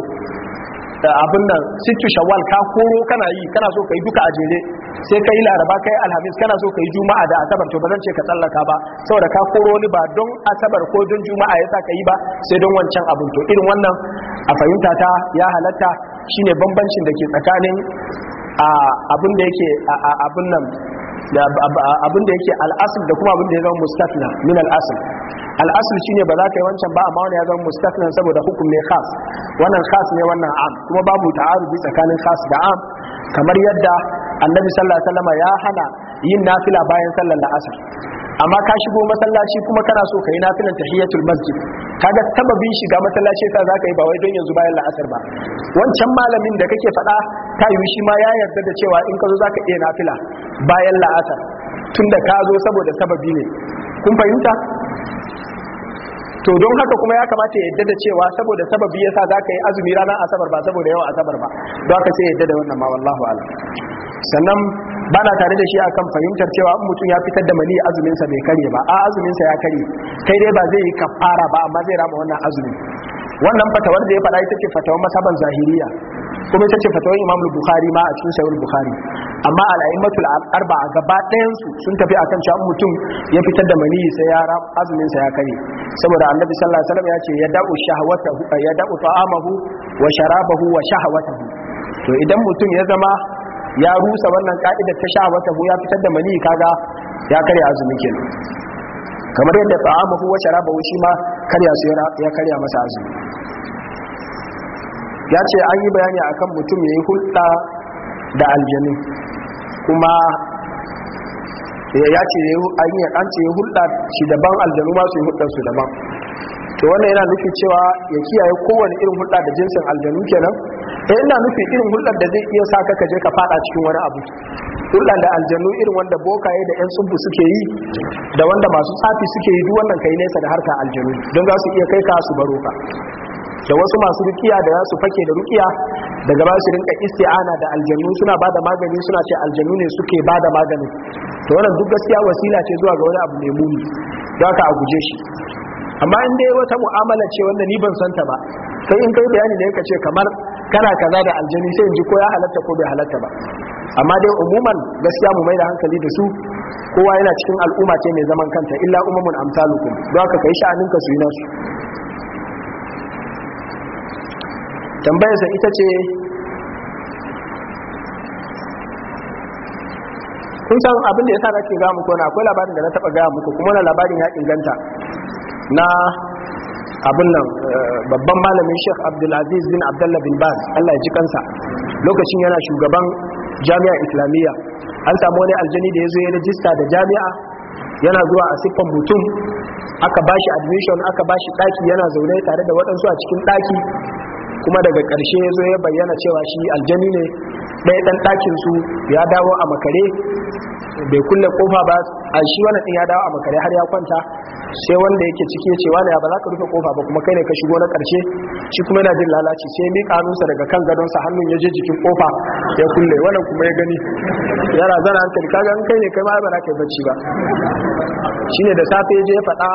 eh, abin nan sittu shawwal ka koro kana yi kana so ka yi duka a jere sai yi laraba ka yi alhamis kana so ka yi juma'a da asabar to ba zan ce ka tsallaka ba saboda ka koro ni ba don asabar ko don juma'a yasa ka yi ba sai don wancan abin to irin wannan a fahimta ta ya halatta shine bambancin da ke tsakanin abin da yake abin nan abin da yake da kuma abin da ya zama mustafina min al'asir shi ne ba za ka yi wancan ba amma wani ya zama mustafina saboda hukum ne khas wannan khas ne wannan am kuma babu ta'arubi tsakanin khas da am kamar yadda annabi sallallahu alaihi ya hana yin nafila bayan sallar la'asar amma ka shigo masallaci kuma kana so ka yi nafilan tahiyatul masjid kaga sababin shiga masallaci sa zaka yi ba wai don yanzu bayan la'asar ba wancan malamin da kake faɗa ta yi shi ma ya yarda da cewa in ka zo zaka iya nafila bayan la'asar tunda ka zo saboda sababi ne kun fahimta to don haka kuma ya kamata ya yadda da cewa saboda sababi yasa za ka yi azumi ranar asabar ba saboda yawan asabar ba don haka sai yadda da wannan ma wallahu ala sannan ba na tare da shi akan fahimtar cewa in mutum ya fitar da mali azuminsa bai karye ba a azuminsa ya karye kai dai ba zai yi kafara ba amma zai rama wannan azumi wannan fatawar da ya faɗa ita ce fatawar masaban zahiriya kuma ita ce fatawar imam bukhari ma a cikin sahih bukhari amma al'aimatul arba'a gaba ɗayan su sun tafi akan cewa mutum ya fitar da mani sai ya ra azumin sa ya kare saboda annabi sallallahu alaihi wasallam ya ce ya da'u shahwatahu ya da'u ta'amahu wa sharabahu wa shahwatahu to idan mutum ya zama ya rusa wannan ka'idar ta shahwatahu ya fitar da mani kaga ya kare azumin kenan kamar yadda ta'amahu wa sharabahu shi ma karya su ya karya masa azumi ya ce an yi bayani kan mutum ya yi hulɗa da aljanu kuma ya ce an ce ya hulɗa shi daban aljanu masu yi hulɗar su daban to wannan yana nufin cewa ya kiyaye kowane irin hulɗa da jinsin aljanu kenan eh ina nufin irin hulɗar da zai iya saka ka je ka fada cikin wani abu hulɗar da aljanu irin wanda bokaye da yan tsubu suke yi da wanda masu tsafi suke yi duk wannan kai nesa da harkar aljanu don za su iya kai ka su baro ka da wasu masu rukiya da za su fake da rukiya daga ba su rinka isti'ana da aljannu suna ba da magani suna ce aljannu ne suke ba da magani to wannan duk gaskiya wasila ce zuwa ga wani abu mai muni za ka a guje shi amma in dai wata mu'amala ce wanda ni ban santa ba sai in kai bayani da yake ce kamar kana kaza da aljani sai in ji ko ya halatta ko bai halatta ba amma dai umuman gaskiya mu mai da hankali da su kowa yana cikin al'umma ce mai zaman kanta illa umamun amsalukum don haka kai sha'aninka su yi nasu tambayarsa ita ce kun san abin da ya sa nake gaya muku wani akwai labarin da na taba gaya muku kuma na labarin ya inganta na abin nan eh, babban malamin sheikh abdulaziz bin abdullah bin baz allah ya ji kansa lokacin yana shugaban jami'a islamiyya an samu wani aljani da ya zo ya rajista da jami'a yana zuwa a siffan mutum aka bashi admission aka bashi daki yana zaune tare da waɗansu a cikin daki kuma daga ƙarshe ya zo ya bayyana cewa shi aljani ne ɗaya ɗan ɗakin su ya dawo a makare bai kulle kofa ba a shi wannan ɗin ya dawo a makare har ya kwanta sai wanda yake ciki ce wani ba za ka rufe kofa ba kuma kai ne ka shigo na ƙarshe shi kuma yana jin lalaci sai ya miƙa hannunsa daga kan gadonsa hannun ya je jikin kofa ya kulle wannan kuma ya gani ya razana hankali kaga an kai ne kai ma ba za ka yi bacci ba shi ne da safe ya je ya faɗa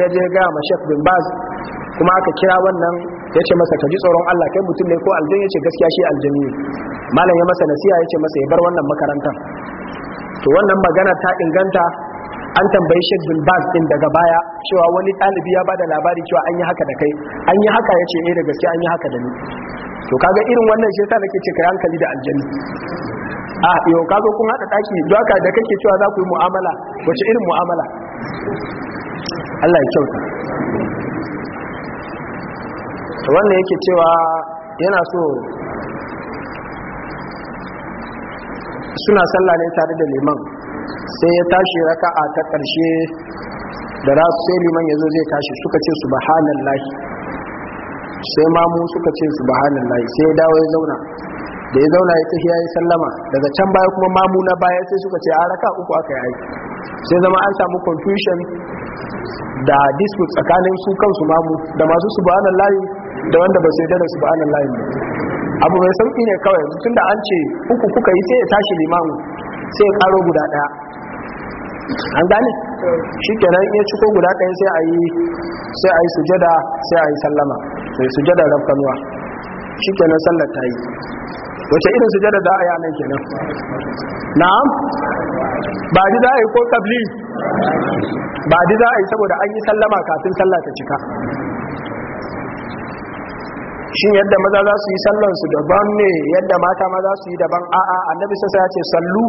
ya je ya gaya ma Sheikh bin Baz kuma aka kira wannan ya ce masa ka ji tsoron Allah kai mutum ne ko aljan ya ce gaskiya shi aljini ne malam ya masa nasiha ya ce masa ya bar wannan makaranta to wannan magana ta inganta an tambayi Sheikh bin Baz din daga baya cewa wani ɗalibi ya bada labari cewa an yi haka da kai an yi haka yace eh da gaske an yi haka da ni to kaga irin wannan shi yasa nake ce hankali da aljini a yau kaga kun haɗa ɗaki? don haka da kake cewa za ku yi mu'amala wace irin mu'amala Allah ya kyauta wannan yake cewa yana so suna sallah ne tare da liman sai ya tashi raka'a ta ƙarshe da rasu sai liman ya zo zai tashi suka ce su subhanallah sai mamu suka ce su subhanallah sai ya dawo ya zauna da ya zauna ya tafi ya yi sallama daga can baya kuma mamu na baya sai suka ce a raka uku aka yi sai zama an samu confusion da dispute tsakanin su kansu mamu da masu subhanallah da wanda ba su yarda da subhanallahi ba abu mai sauki ne kawai da an ce uku kuka yi sai ya tashi limamu sai ya karo guda daya an gane shi kenan ya ciko guda ɗaya sai a yi sai a yi sujada sai a yi sallama sai sujada rafkanuwa shi kenan sallar ta yi wace irin sujada za a yi anan kenan na'am ba ji za a yi ko tabli ba ji za a yi saboda an yi sallama kafin sallah ta cika shin yadda maza za su yi sallan su daban ne yadda mata maza su yi daban a'a annabi sai ya ce sallu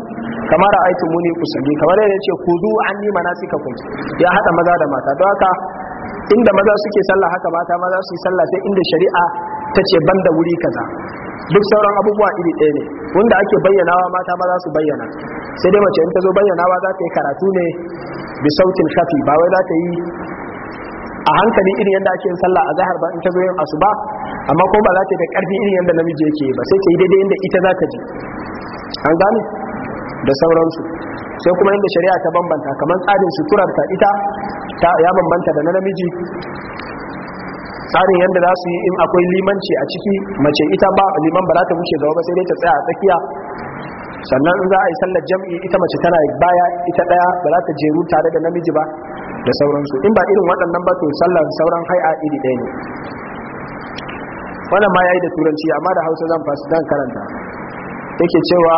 kamar aitu muni ku kamar yadda ce ku zu an yi manasikakum ya hada maza da mata don haka inda maza suke sallah haka mata ma su yi sallah sai inda shari'a ta ce banda wuri kaza duk sauran abubuwa iri ɗaya ne wanda ake bayyanawa mata ma za su bayyana sai dai mace in ta zo bayyanawa za ta yi karatu ne bi sautin kafi ba wai za ta yi a hankali irin yadda ake yin sallah a zahar ba in ta zo yin asuba amma ko ba za ta da karfi irin yadda namiji yake ba sai ta yi daidai yadda ita za ta ji an gane da sauransu sai kuma yadda shari'a ta bambanta kamar tsarin suturar ta ita ya bambanta da na namiji tsarin yadda za su yi in akwai limanci a ciki mace ita ba liman ba za ta wuce gaba ba sai dai ta tsaya a tsakiya sannan in za a yi sallar jam'i ita mace tana baya ita daya ba za ta jeru tare da namiji ba da sauransu in ba irin waɗannan ba to sallar sauran hai'a iri ɗaya ne wannan ma yayi da turanci amma da hausa zan fasu dan karanta yake cewa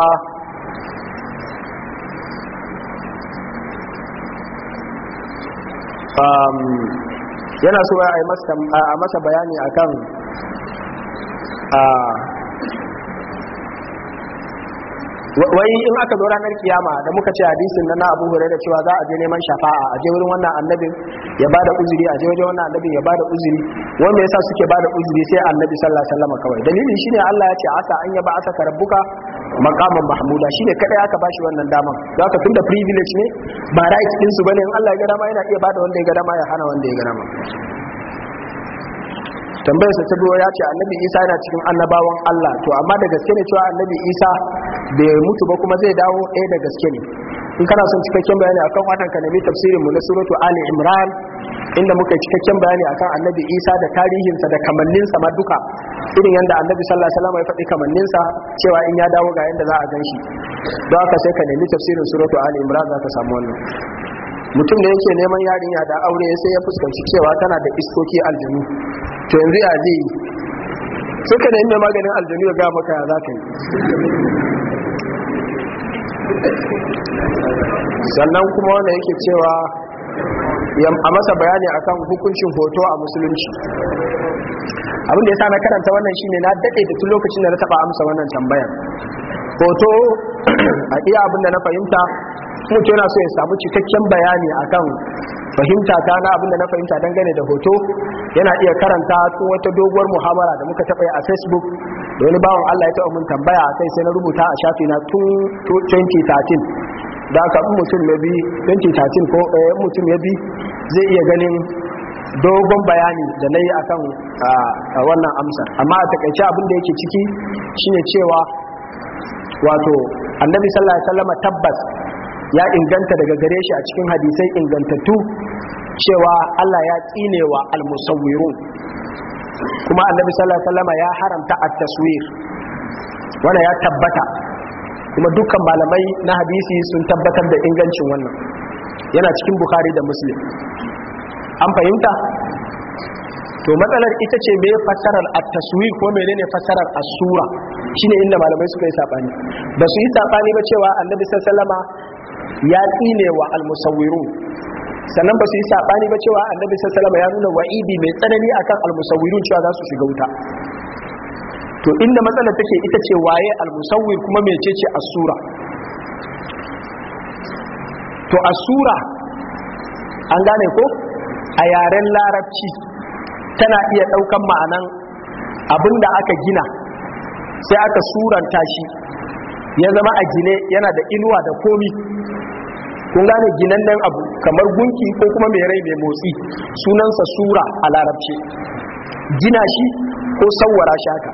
um, yana so a masa bayani akan a uh, wai in aka zo ranar kiyama da muka ce hadisin na Abu da cewa za a je neman shafa'a a je wurin wannan annabin ya bada uzuri a je wajen wannan annabin ya bada uzuri wanda yasa suke bada uzuri sai annabi sallallahu alaihi wasallam kawai dalilin shine Allah ya ce asa an ba asa ka rabbuka maqaman mahmuda shine kada aka bashi wannan daman Za ka tunda privilege ne ba right din su bane in Allah ya ga dama yana iya bada wanda ya ga dama ya hana wanda ya ga dama Tambayar sa ta biyo ya ce annabi isa yana cikin annabawan allah to amma da gaske ne cewa annabi isa bai mutu ba kuma zai dawo ɗaya eh, da gaske ne in kana son cikakken bayani akan watan ka nemi tafsirin mu na suratu ali imran inda muka cikakken bayani akan annabi isa da tarihinsa da kamanninsa ma duka irin yadda annabi sallallahu alaihi wasallam ya faɗi kamanninsa cewa in ya dawo ga yadda za a ganshi. shi don haka sai ka nemi tafsirin suratu ali imran za ka samu wannan mutum da yake neman yarinya da aure sai ya fuskanci cewa tana da iskoki aljanu to yanzu ya zai yi suka maganin inda maganin aljanu ya gaba za ka yi sannan kuma wanda yake cewa a masa bayani akan hukuncin hoto a musulunci abin da ya sa na karanta wannan shine na daɗe da tun lokacin da na taɓa amsa wannan tambayar hoto a iya abinda na fahimta mutu yana so ya samu cikakken bayani akan fahimta ta na abinda na fahimta dangane da hoto yana iya karanta ko wata doguwar muhammara da muka taɓa a facebook da wani bawan allah ya taɓa mun tambaya a kai sai na rubuta a shafi na tun 2013 da aka mutum ya bi 2013 ko eh, in mutum ya bi zai iya ganin dogon bayani da na yi akan wannan amsa amma a takaice abin da yake ciki shine cewa wato annabi sallallahu alaihi wasallam tabbas ya inganta daga gare shi a cikin hadisai ingantattu cewa Allah ya tsinewa al-musawwirun kuma annabi sallallahu alaihi wasallam ya haramta at-taswir wannan ya tabbata kuma dukkan malamai na hadisi sun tabbatar da ingancin wannan yana cikin bukhari da muslim an fahimta to matsalar ita ce me fassarar at-taswir ko menene fassarar as-sura shine inda malamai suka yi sabani ba su yi sabani ba cewa annabi sallallahu alaihi wasallama ya tsine wa almusawiru, sannan ba su yi saɓani ba cewa annabi sallallahu ya nuna wa'idi mai tsanani akan almusawirun cewa za su shiga wuta to inda matsalar take ita ce waye almusawir kuma mecece as-sura to asura an gane ko a yaren larabci tana iya ɗaukan ma'anan abin da aka gina sai aka suranta shi ya zama a gine yana da inuwa da komi kun gane ginannen abu kamar gunki ko kuma mai rai mai motsi sunansa sura a larabci gina shi ko sauwara shaka.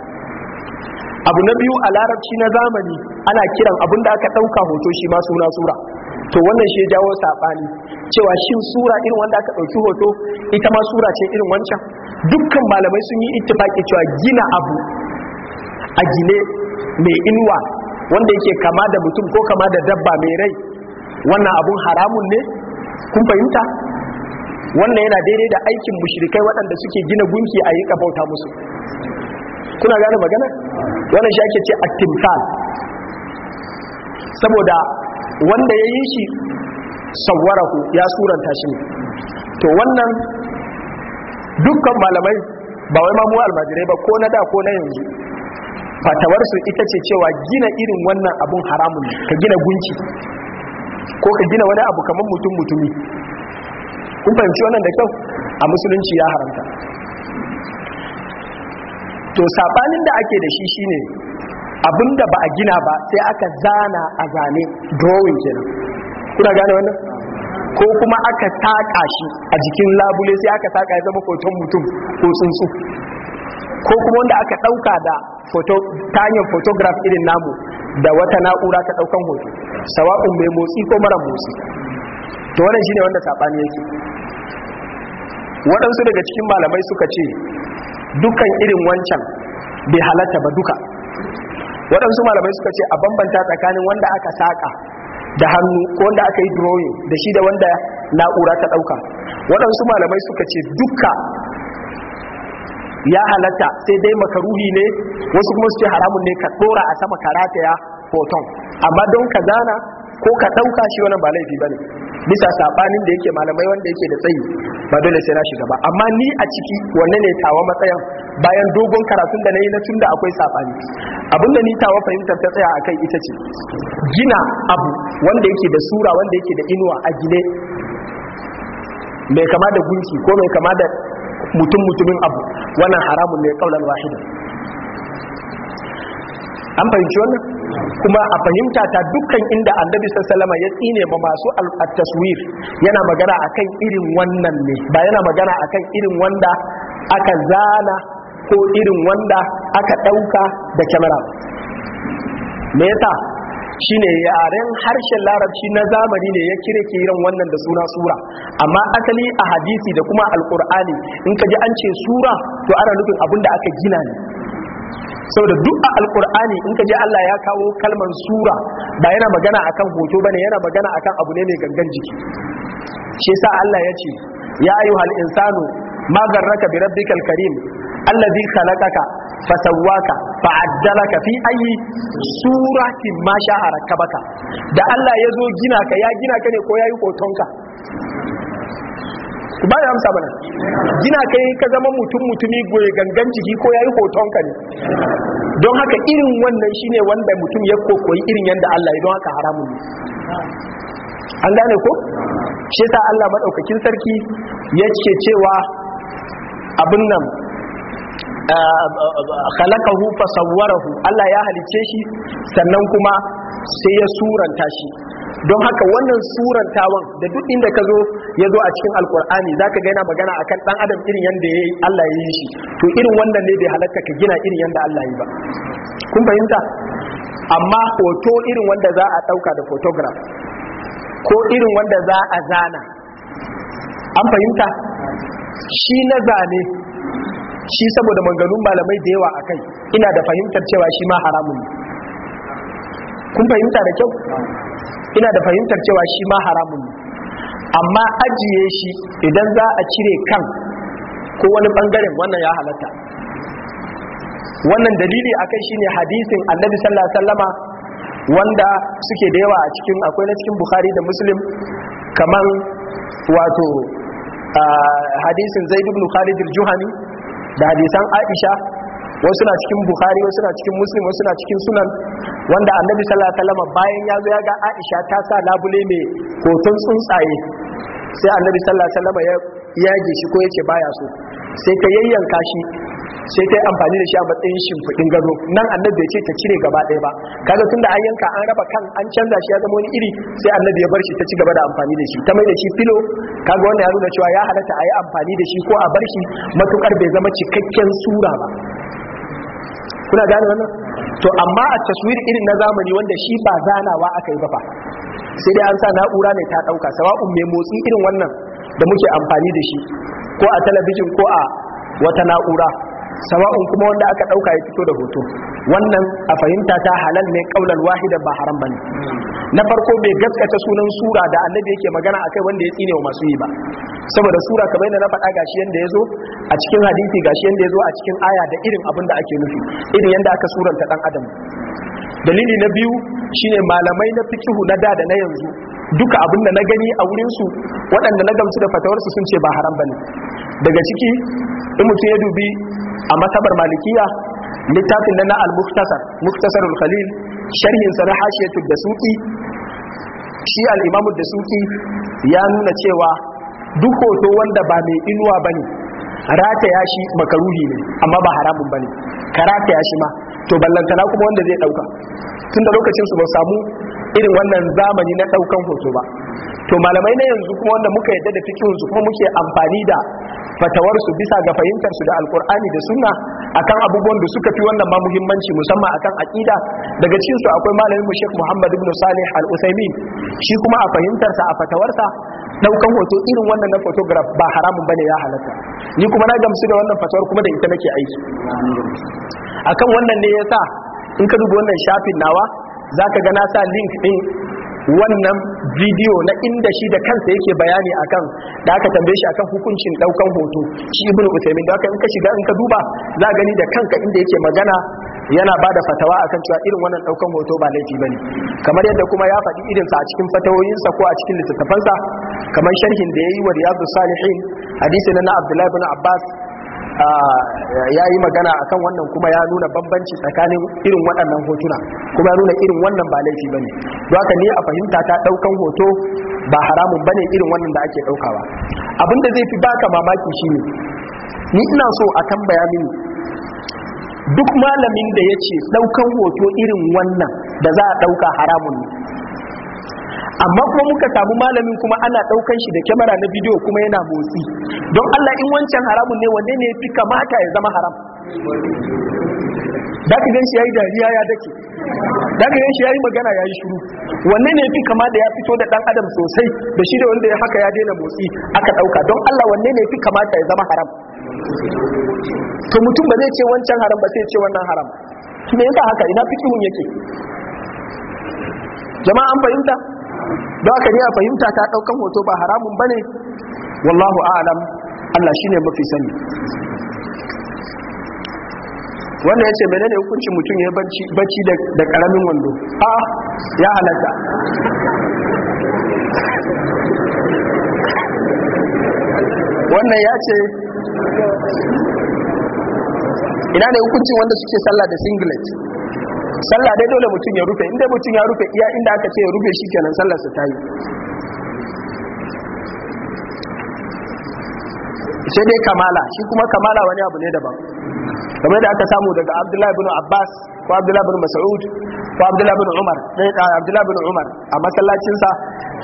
abu na biyu a larabci na zamani ana kiran abin da aka ɗauka hoto shi ma suna sura to wannan shi jawo saɓani cewa shin sura irin wanda aka ɗauki hoto ita ma sura ce irin wancan dukkan malamai sun yi ittifaki cewa gina abu a gine mai inuwa wanda yake kama da mutum ko kama da dabba mai rai wannan abun haramun ne kun fahimta wannan yana daidai da aikin mushrikai waɗanda suke gina gunki a yi ƙafauta musu kuna gane magana wannan shi ake ce attimsal saboda wanda ya yi shi sawwarahu ya suranta shi ne to wannan dukkan malamai ba wai mamu almajirai ba ko na da ko na yanzu fatawarsu ita ce cewa gina irin wannan abun haramun ka gina gunki ko ka gina wani abu kamar mutum mutumi kun fahimci wannan da kyau a musulunci ya haramta to sabanin da ake da shi shine da ba a gina ba sai aka zana a zane drawing kenan kuna gane wannan ko kuma aka taka shi a jikin labule sai aka taka ya zama foton mutum ko tsuntsu ko kuma wanda aka ɗauka da ta hanyar photograph irin namu da wata na'ura ta daukan hoto sawa'un mai motsi ko mara motsi to wannan shine wanda sabani yake waɗansu daga cikin malamai suka ce dukkan irin wancan bai halatta ba duka waɗansu malamai suka ce a bambanta tsakanin wanda aka saka da hannu ko wanda aka yi drawing da shi da wanda na'ura ta ɗauka waɗansu malamai suka ce duka ya halatta sai dai makaruhi ne wasu kuma su ce haramun ne ka dora a sama ka rataya hoton amma don ka zana ko ka ɗauka shi wannan ba laifi ba ne bisa saɓanin da yake malamai wanda yake da tsayi ba dole sai na shiga ba amma ni a ciki wanne ne tawa matsayin bayan dogon karatun da na yi na tun da akwai saɓani abin da ni tawa fahimtar ta tsaya kai ita ce gina abu wanda yake da sura wanda yake da inuwa a gine mai kama da gunki ko mai kama da mutum mutumin abu wannan haramun ne kaulan wahid an fahimci wannan kuma a fahimta ta dukkan inda annabi sallama ya tsine ba masu al-taswir yana magana akan irin wannan ne ba yana magana akan irin wanda aka zana ko irin wanda aka dauka da kyamara me yasa shine yaren harshen larabci na zamani ne ya kire kiran wannan da suna sura amma asali a hadisi da kuma alkur'ani in ka ji an ce sura to ana nufin abin da aka gina ne saboda duk a alkur'ani in ka ji Allah ya kawo kalman sura ba yana magana akan hoto ba ne, yana magana akan abu ne mai gangan jiki shi yasa Allah ya ce ya ayyuhal insanu ma garraka bi rabbikal karim allazi khalaqaka fasawaka fa'addalaka fi ayi suratin ma sha'ara baka. da Allah ya zo gina ka ya gina ka ne ko yayi ka ku ba da amsa bana gina ka yi ka zama mutum mutumi goye gangan jiki ko yayi hotonka ne don haka irin wannan shine wanda mutum ya kokoyi irin yanda Allah ya don haka haramun ne an gane ko shi sa Allah madaukakin sarki ya ce cewa abin nan khalaqahu sawwarahu Allah ya halice shi sannan kuma sai ya suranta shi don haka wannan surantawan da duk inda ka zo ya zo a cikin alkur'ani za ka gaina magana a kan ɗan adam irin yadda ya yi Allah ya yi shi to irin wannan ne bai halatta ka gina irin yadda Allah ya yi ba kun fahimta amma hoto irin wanda za a ɗauka da photograph ko irin wanda za a zana an fahimta shi na zane shi saboda manganun malamai da yawa akai ina da fahimtar cewa shi ma haramun ne kun fahimta da kyau ina da fahimtar cewa shi ma haramun ne amma ajiye shi idan za a cire kan ko wani bangaren wannan ya halatta wannan dalili akai shine hadisin annabi sallallahu alaihi wasallama wanda suke da yawa a cikin akwai na cikin bukhari da muslim kamar wato ah, hadisin zaid ibn khalid al-juhani da hadisan aisha wasu na cikin bukhari wasu na cikin muslim wasu na cikin sunan wanda annabi sallallahu alaihi wasallam bayan ya zo ya ga aisha ta sa labule mai hoton tsuntsaye sai annabi sallallahu alaihi wasallam ya yage shi ko yace baya so sai ta yayyanka shi sai ta yi amfani da shi a matsayin shimfiɗin gado nan annabi ya ce ta cire gaba ɗaya ba kaga tun da an yanka an raba kan an canza shi ya zama wani iri sai annabi ya bar shi ta ci gaba da amfani da shi ta mai da shi filo kaga wannan ya nuna cewa ya halatta a yi amfani da shi ko a bar shi matukar bai zama cikakken sura ba kuna gane wannan to amma a taswir irin na zamani wanda shi ba zanawa aka yi ba fa sai dai an sa na'ura ne ta ɗauka sawa'un mai motsi irin wannan da muke amfani da shi ko a talabijin ko a wata na'ura sawa'un kuma wanda aka dauka ya fito da hoto wannan a fahimta ta halal ne kaulan wahida ba haram bane na farko bai gaskata sunan sura da annabi yake magana akai wanda ya tsine wa masu yi ba saboda sura kamar da na faɗa gashi yanda yazo a cikin hadisi gashi yanda yazo a cikin aya da irin abin da ake nufi irin yanda aka suranta dan adam dalili na biyu shine malamai na kihu na da da na yanzu duka abin da na gani a wurinsu waɗanda na gamsu da fatawarsu sun ce ba haram bane daga ciki in mutum ya dubi a masabar malikiya littafin na al-muftasar al khalil sharhin sa na hashiyatu da suki shi al-imamu da suki ya nuna cewa duk hoto wanda ba mai inuwa bane rataya shi makaruhi ne amma ba haramun bane ka rataya shi ma to ballantana kuma wanda zai dauka tunda lokacin su ba samu irin wannan zamani na ɗaukan hoto ba to malamai na yanzu kuma wanda muka yadda da su kuma muke amfani da fatawarsu bisa ga fahimtarsu da alkur'ani da sunna akan abubuwan da suka fi wannan ma muhimmanci musamman akan aqida daga cikin su akwai malamin mu Sheikh Muhammad ibn Salih Al Utsaimin shi kuma a fahimtarsa a fatawarsa daukan hoto irin wannan na photograph ba haramun bane ya halatta ni kuma na gamsu da wannan fatawar kuma da ita nake aiki akan wannan ne yasa in ka duba wannan shafin nawa zaka ga na sa link din wannan bidiyo na inda shi da kansa yake bayani akan da aka tambaye shi akan hukuncin daukan hoto shi ibnu usaimin da aka in ka shiga in ka duba za gani da kanka inda yake magana yana ba da fatawa akan cewa irin wannan daukan hoto ba laifi ba ne. kamar yadda kuma ya faɗi irinsa sa a cikin fatawoyinsa ko a cikin littattafansa kamar sharhin da ya yi wa riyadu salihin hadisi na Abdullahi ibn Abbas ya yi magana a kan wannan kuma ya nuna bambanci tsakanin irin waɗannan hotuna kuma ya nuna irin wannan ba laifi ne. ne ka ni a fahimta ta ɗaukan hoto ba haramun ba ne irin wannan da ake ɗauka ɗaukawa abin da zai fi baka mamaki shi ne, ni ina so a kan baya mini duk malamin da ya ce ɗaukan hoto irin wannan da za a ɗauka haramun ne amma kuma muka samu malamin kuma ana daukan shi da kyamara na bidiyo kuma yana motsi don Allah in wancan haramun ne wanne ne fi kamata ya zama haram da ka ganshi yayi dariya ya dake da ka ganshi yayi magana yayi shiru wanne ne fi kama da ya fito da dan adam sosai da shi da wanda ya haka ya daina motsi aka dauka don Allah wanne ne fi kamata ya zama haram to mutum ba zai ce wancan haram ba sai ce wannan haram me yasa haka ina fikihun yake jama'a an fahimta don haka ya a fahimta ta daukan hoto ba haramun bane wallahu a'lam Allah shine mafi sani wanda ya ce menene hukuncin mutum ya bacci da karamin wando a ya halatta wannan ya ce ina ne hukuncin wanda suke sallah da singlet sallah dai dole mutum ya rufe inda mutum ya rufe iya inda aka ce ya rufe shi kenan sallarsa ta tayi sai dai kamala shi kuma kamala wani abu ne daban kamar da aka samu daga abdullahi bin abbas ko abdullahi bin mas'ud ko abdullahi bin umar dai eh, abdullahi bin umar a masallacinsa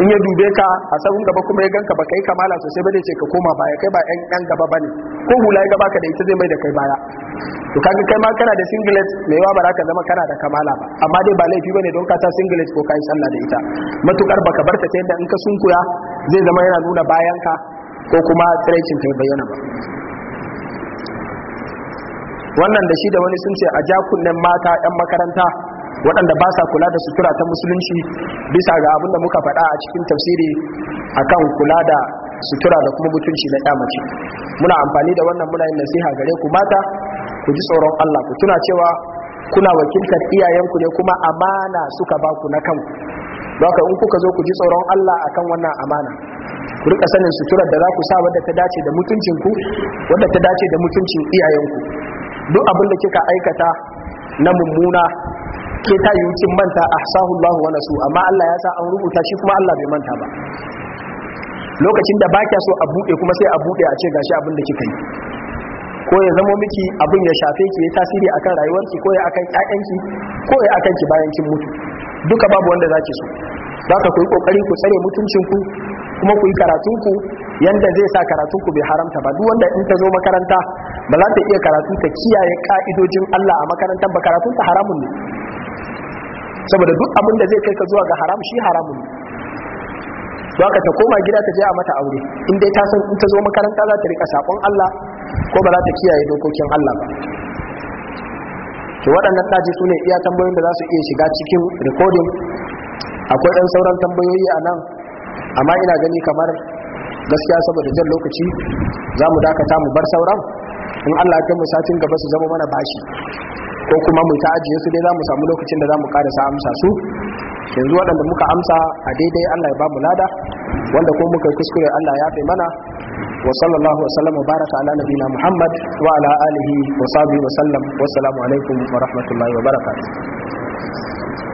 in ya dube ka a sabon gaba kuma ya ganka ba kai kamala sosai ba ya ce ka koma baya kai ba ɗan ɗan gaba bane ko hula ya gaba ka da ita zai mai da kai baya to kaga kai ma kana da singlet mai yawa ba za ka zama kana da kamala ba amma dai ba laifi bane don ka ta singlet ko ka sallah da ita matukar baka barta ta yadda in ka sunkuya zai zama yana nuna bayan ka ko kuma tsiraicin ta bayyana ba wannan da shi da wani sun ce a ja kunnen mata 'yan makaranta waɗanda ba sa kula da sutura ta musulunci bisa ga abinda muka faɗa a cikin tafsiri akan kula da sutura da kuma mutunci na ya mace muna amfani da wannan muna yin nasiha gare ku mata ku ji tsoron Allah ku tuna cewa kuna wakiltar iyayenku ne kuma amana suka ba ku na kanku haka in kuka zo ku ji tsoron Allah akan wannan amana ku rika sanin suturar da za ku sa wadda ta dace da mutuncinku wadda ta dace da mutuncin iyayenku duk abin da kika aikata na mummuna ke ta yi wucin manta ahsahu Allah wa nasu amma Allah ya sa an rubuta shi kuma Allah bai manta ba lokacin da baki so a buɗe kuma sai a buɗe a ce gashi abin da kika yi ko ya zama miki abin ya shafe ki ya tasiri akan rayuwarki ko ya akan ƴaƴanki ko ya akan ki bayan kin mutu duka babu wanda za ki so zaka ka yi kokari ku tsare mutuncin ku kuma ku yi ku yanda zai sa ku bai haramta ba duk wanda in ta zo makaranta ba za ta iya karatu ta kiyaye ka'idojin Allah a makarantar ba karatun ta haramun ne saboda duk abin da zai kai ka zuwa ga haram shi haramun ne don ka ta koma gida ta je a mata aure in dai ta san in ta zo makaranta za ta rika sakon Allah ko ba za ta kiyaye dokokin Allah ba to waɗannan ɗaji su ne iya tambayoyin da za su iya shiga cikin recording akwai ɗan sauran tambayoyi a nan amma ina gani kamar gaskiya saboda jan lokaci za mu dakata mu bar sauran in Allah ya mu satin gaba su zama mana bashi ko kuma mu ta ajiye su dai za mu samu lokacin da za mu sa amsa su yanzu waɗanda muka amsa a daidai Allah ya bamu lada wanda ko muka kuskure Allah ya fi mana wa sallallahu wa wa baraka ala nabina Muhammad wa ala alihi wa sahbihi wa sallam wa assalamu alaikum wa rahmatullahi wa barakatuh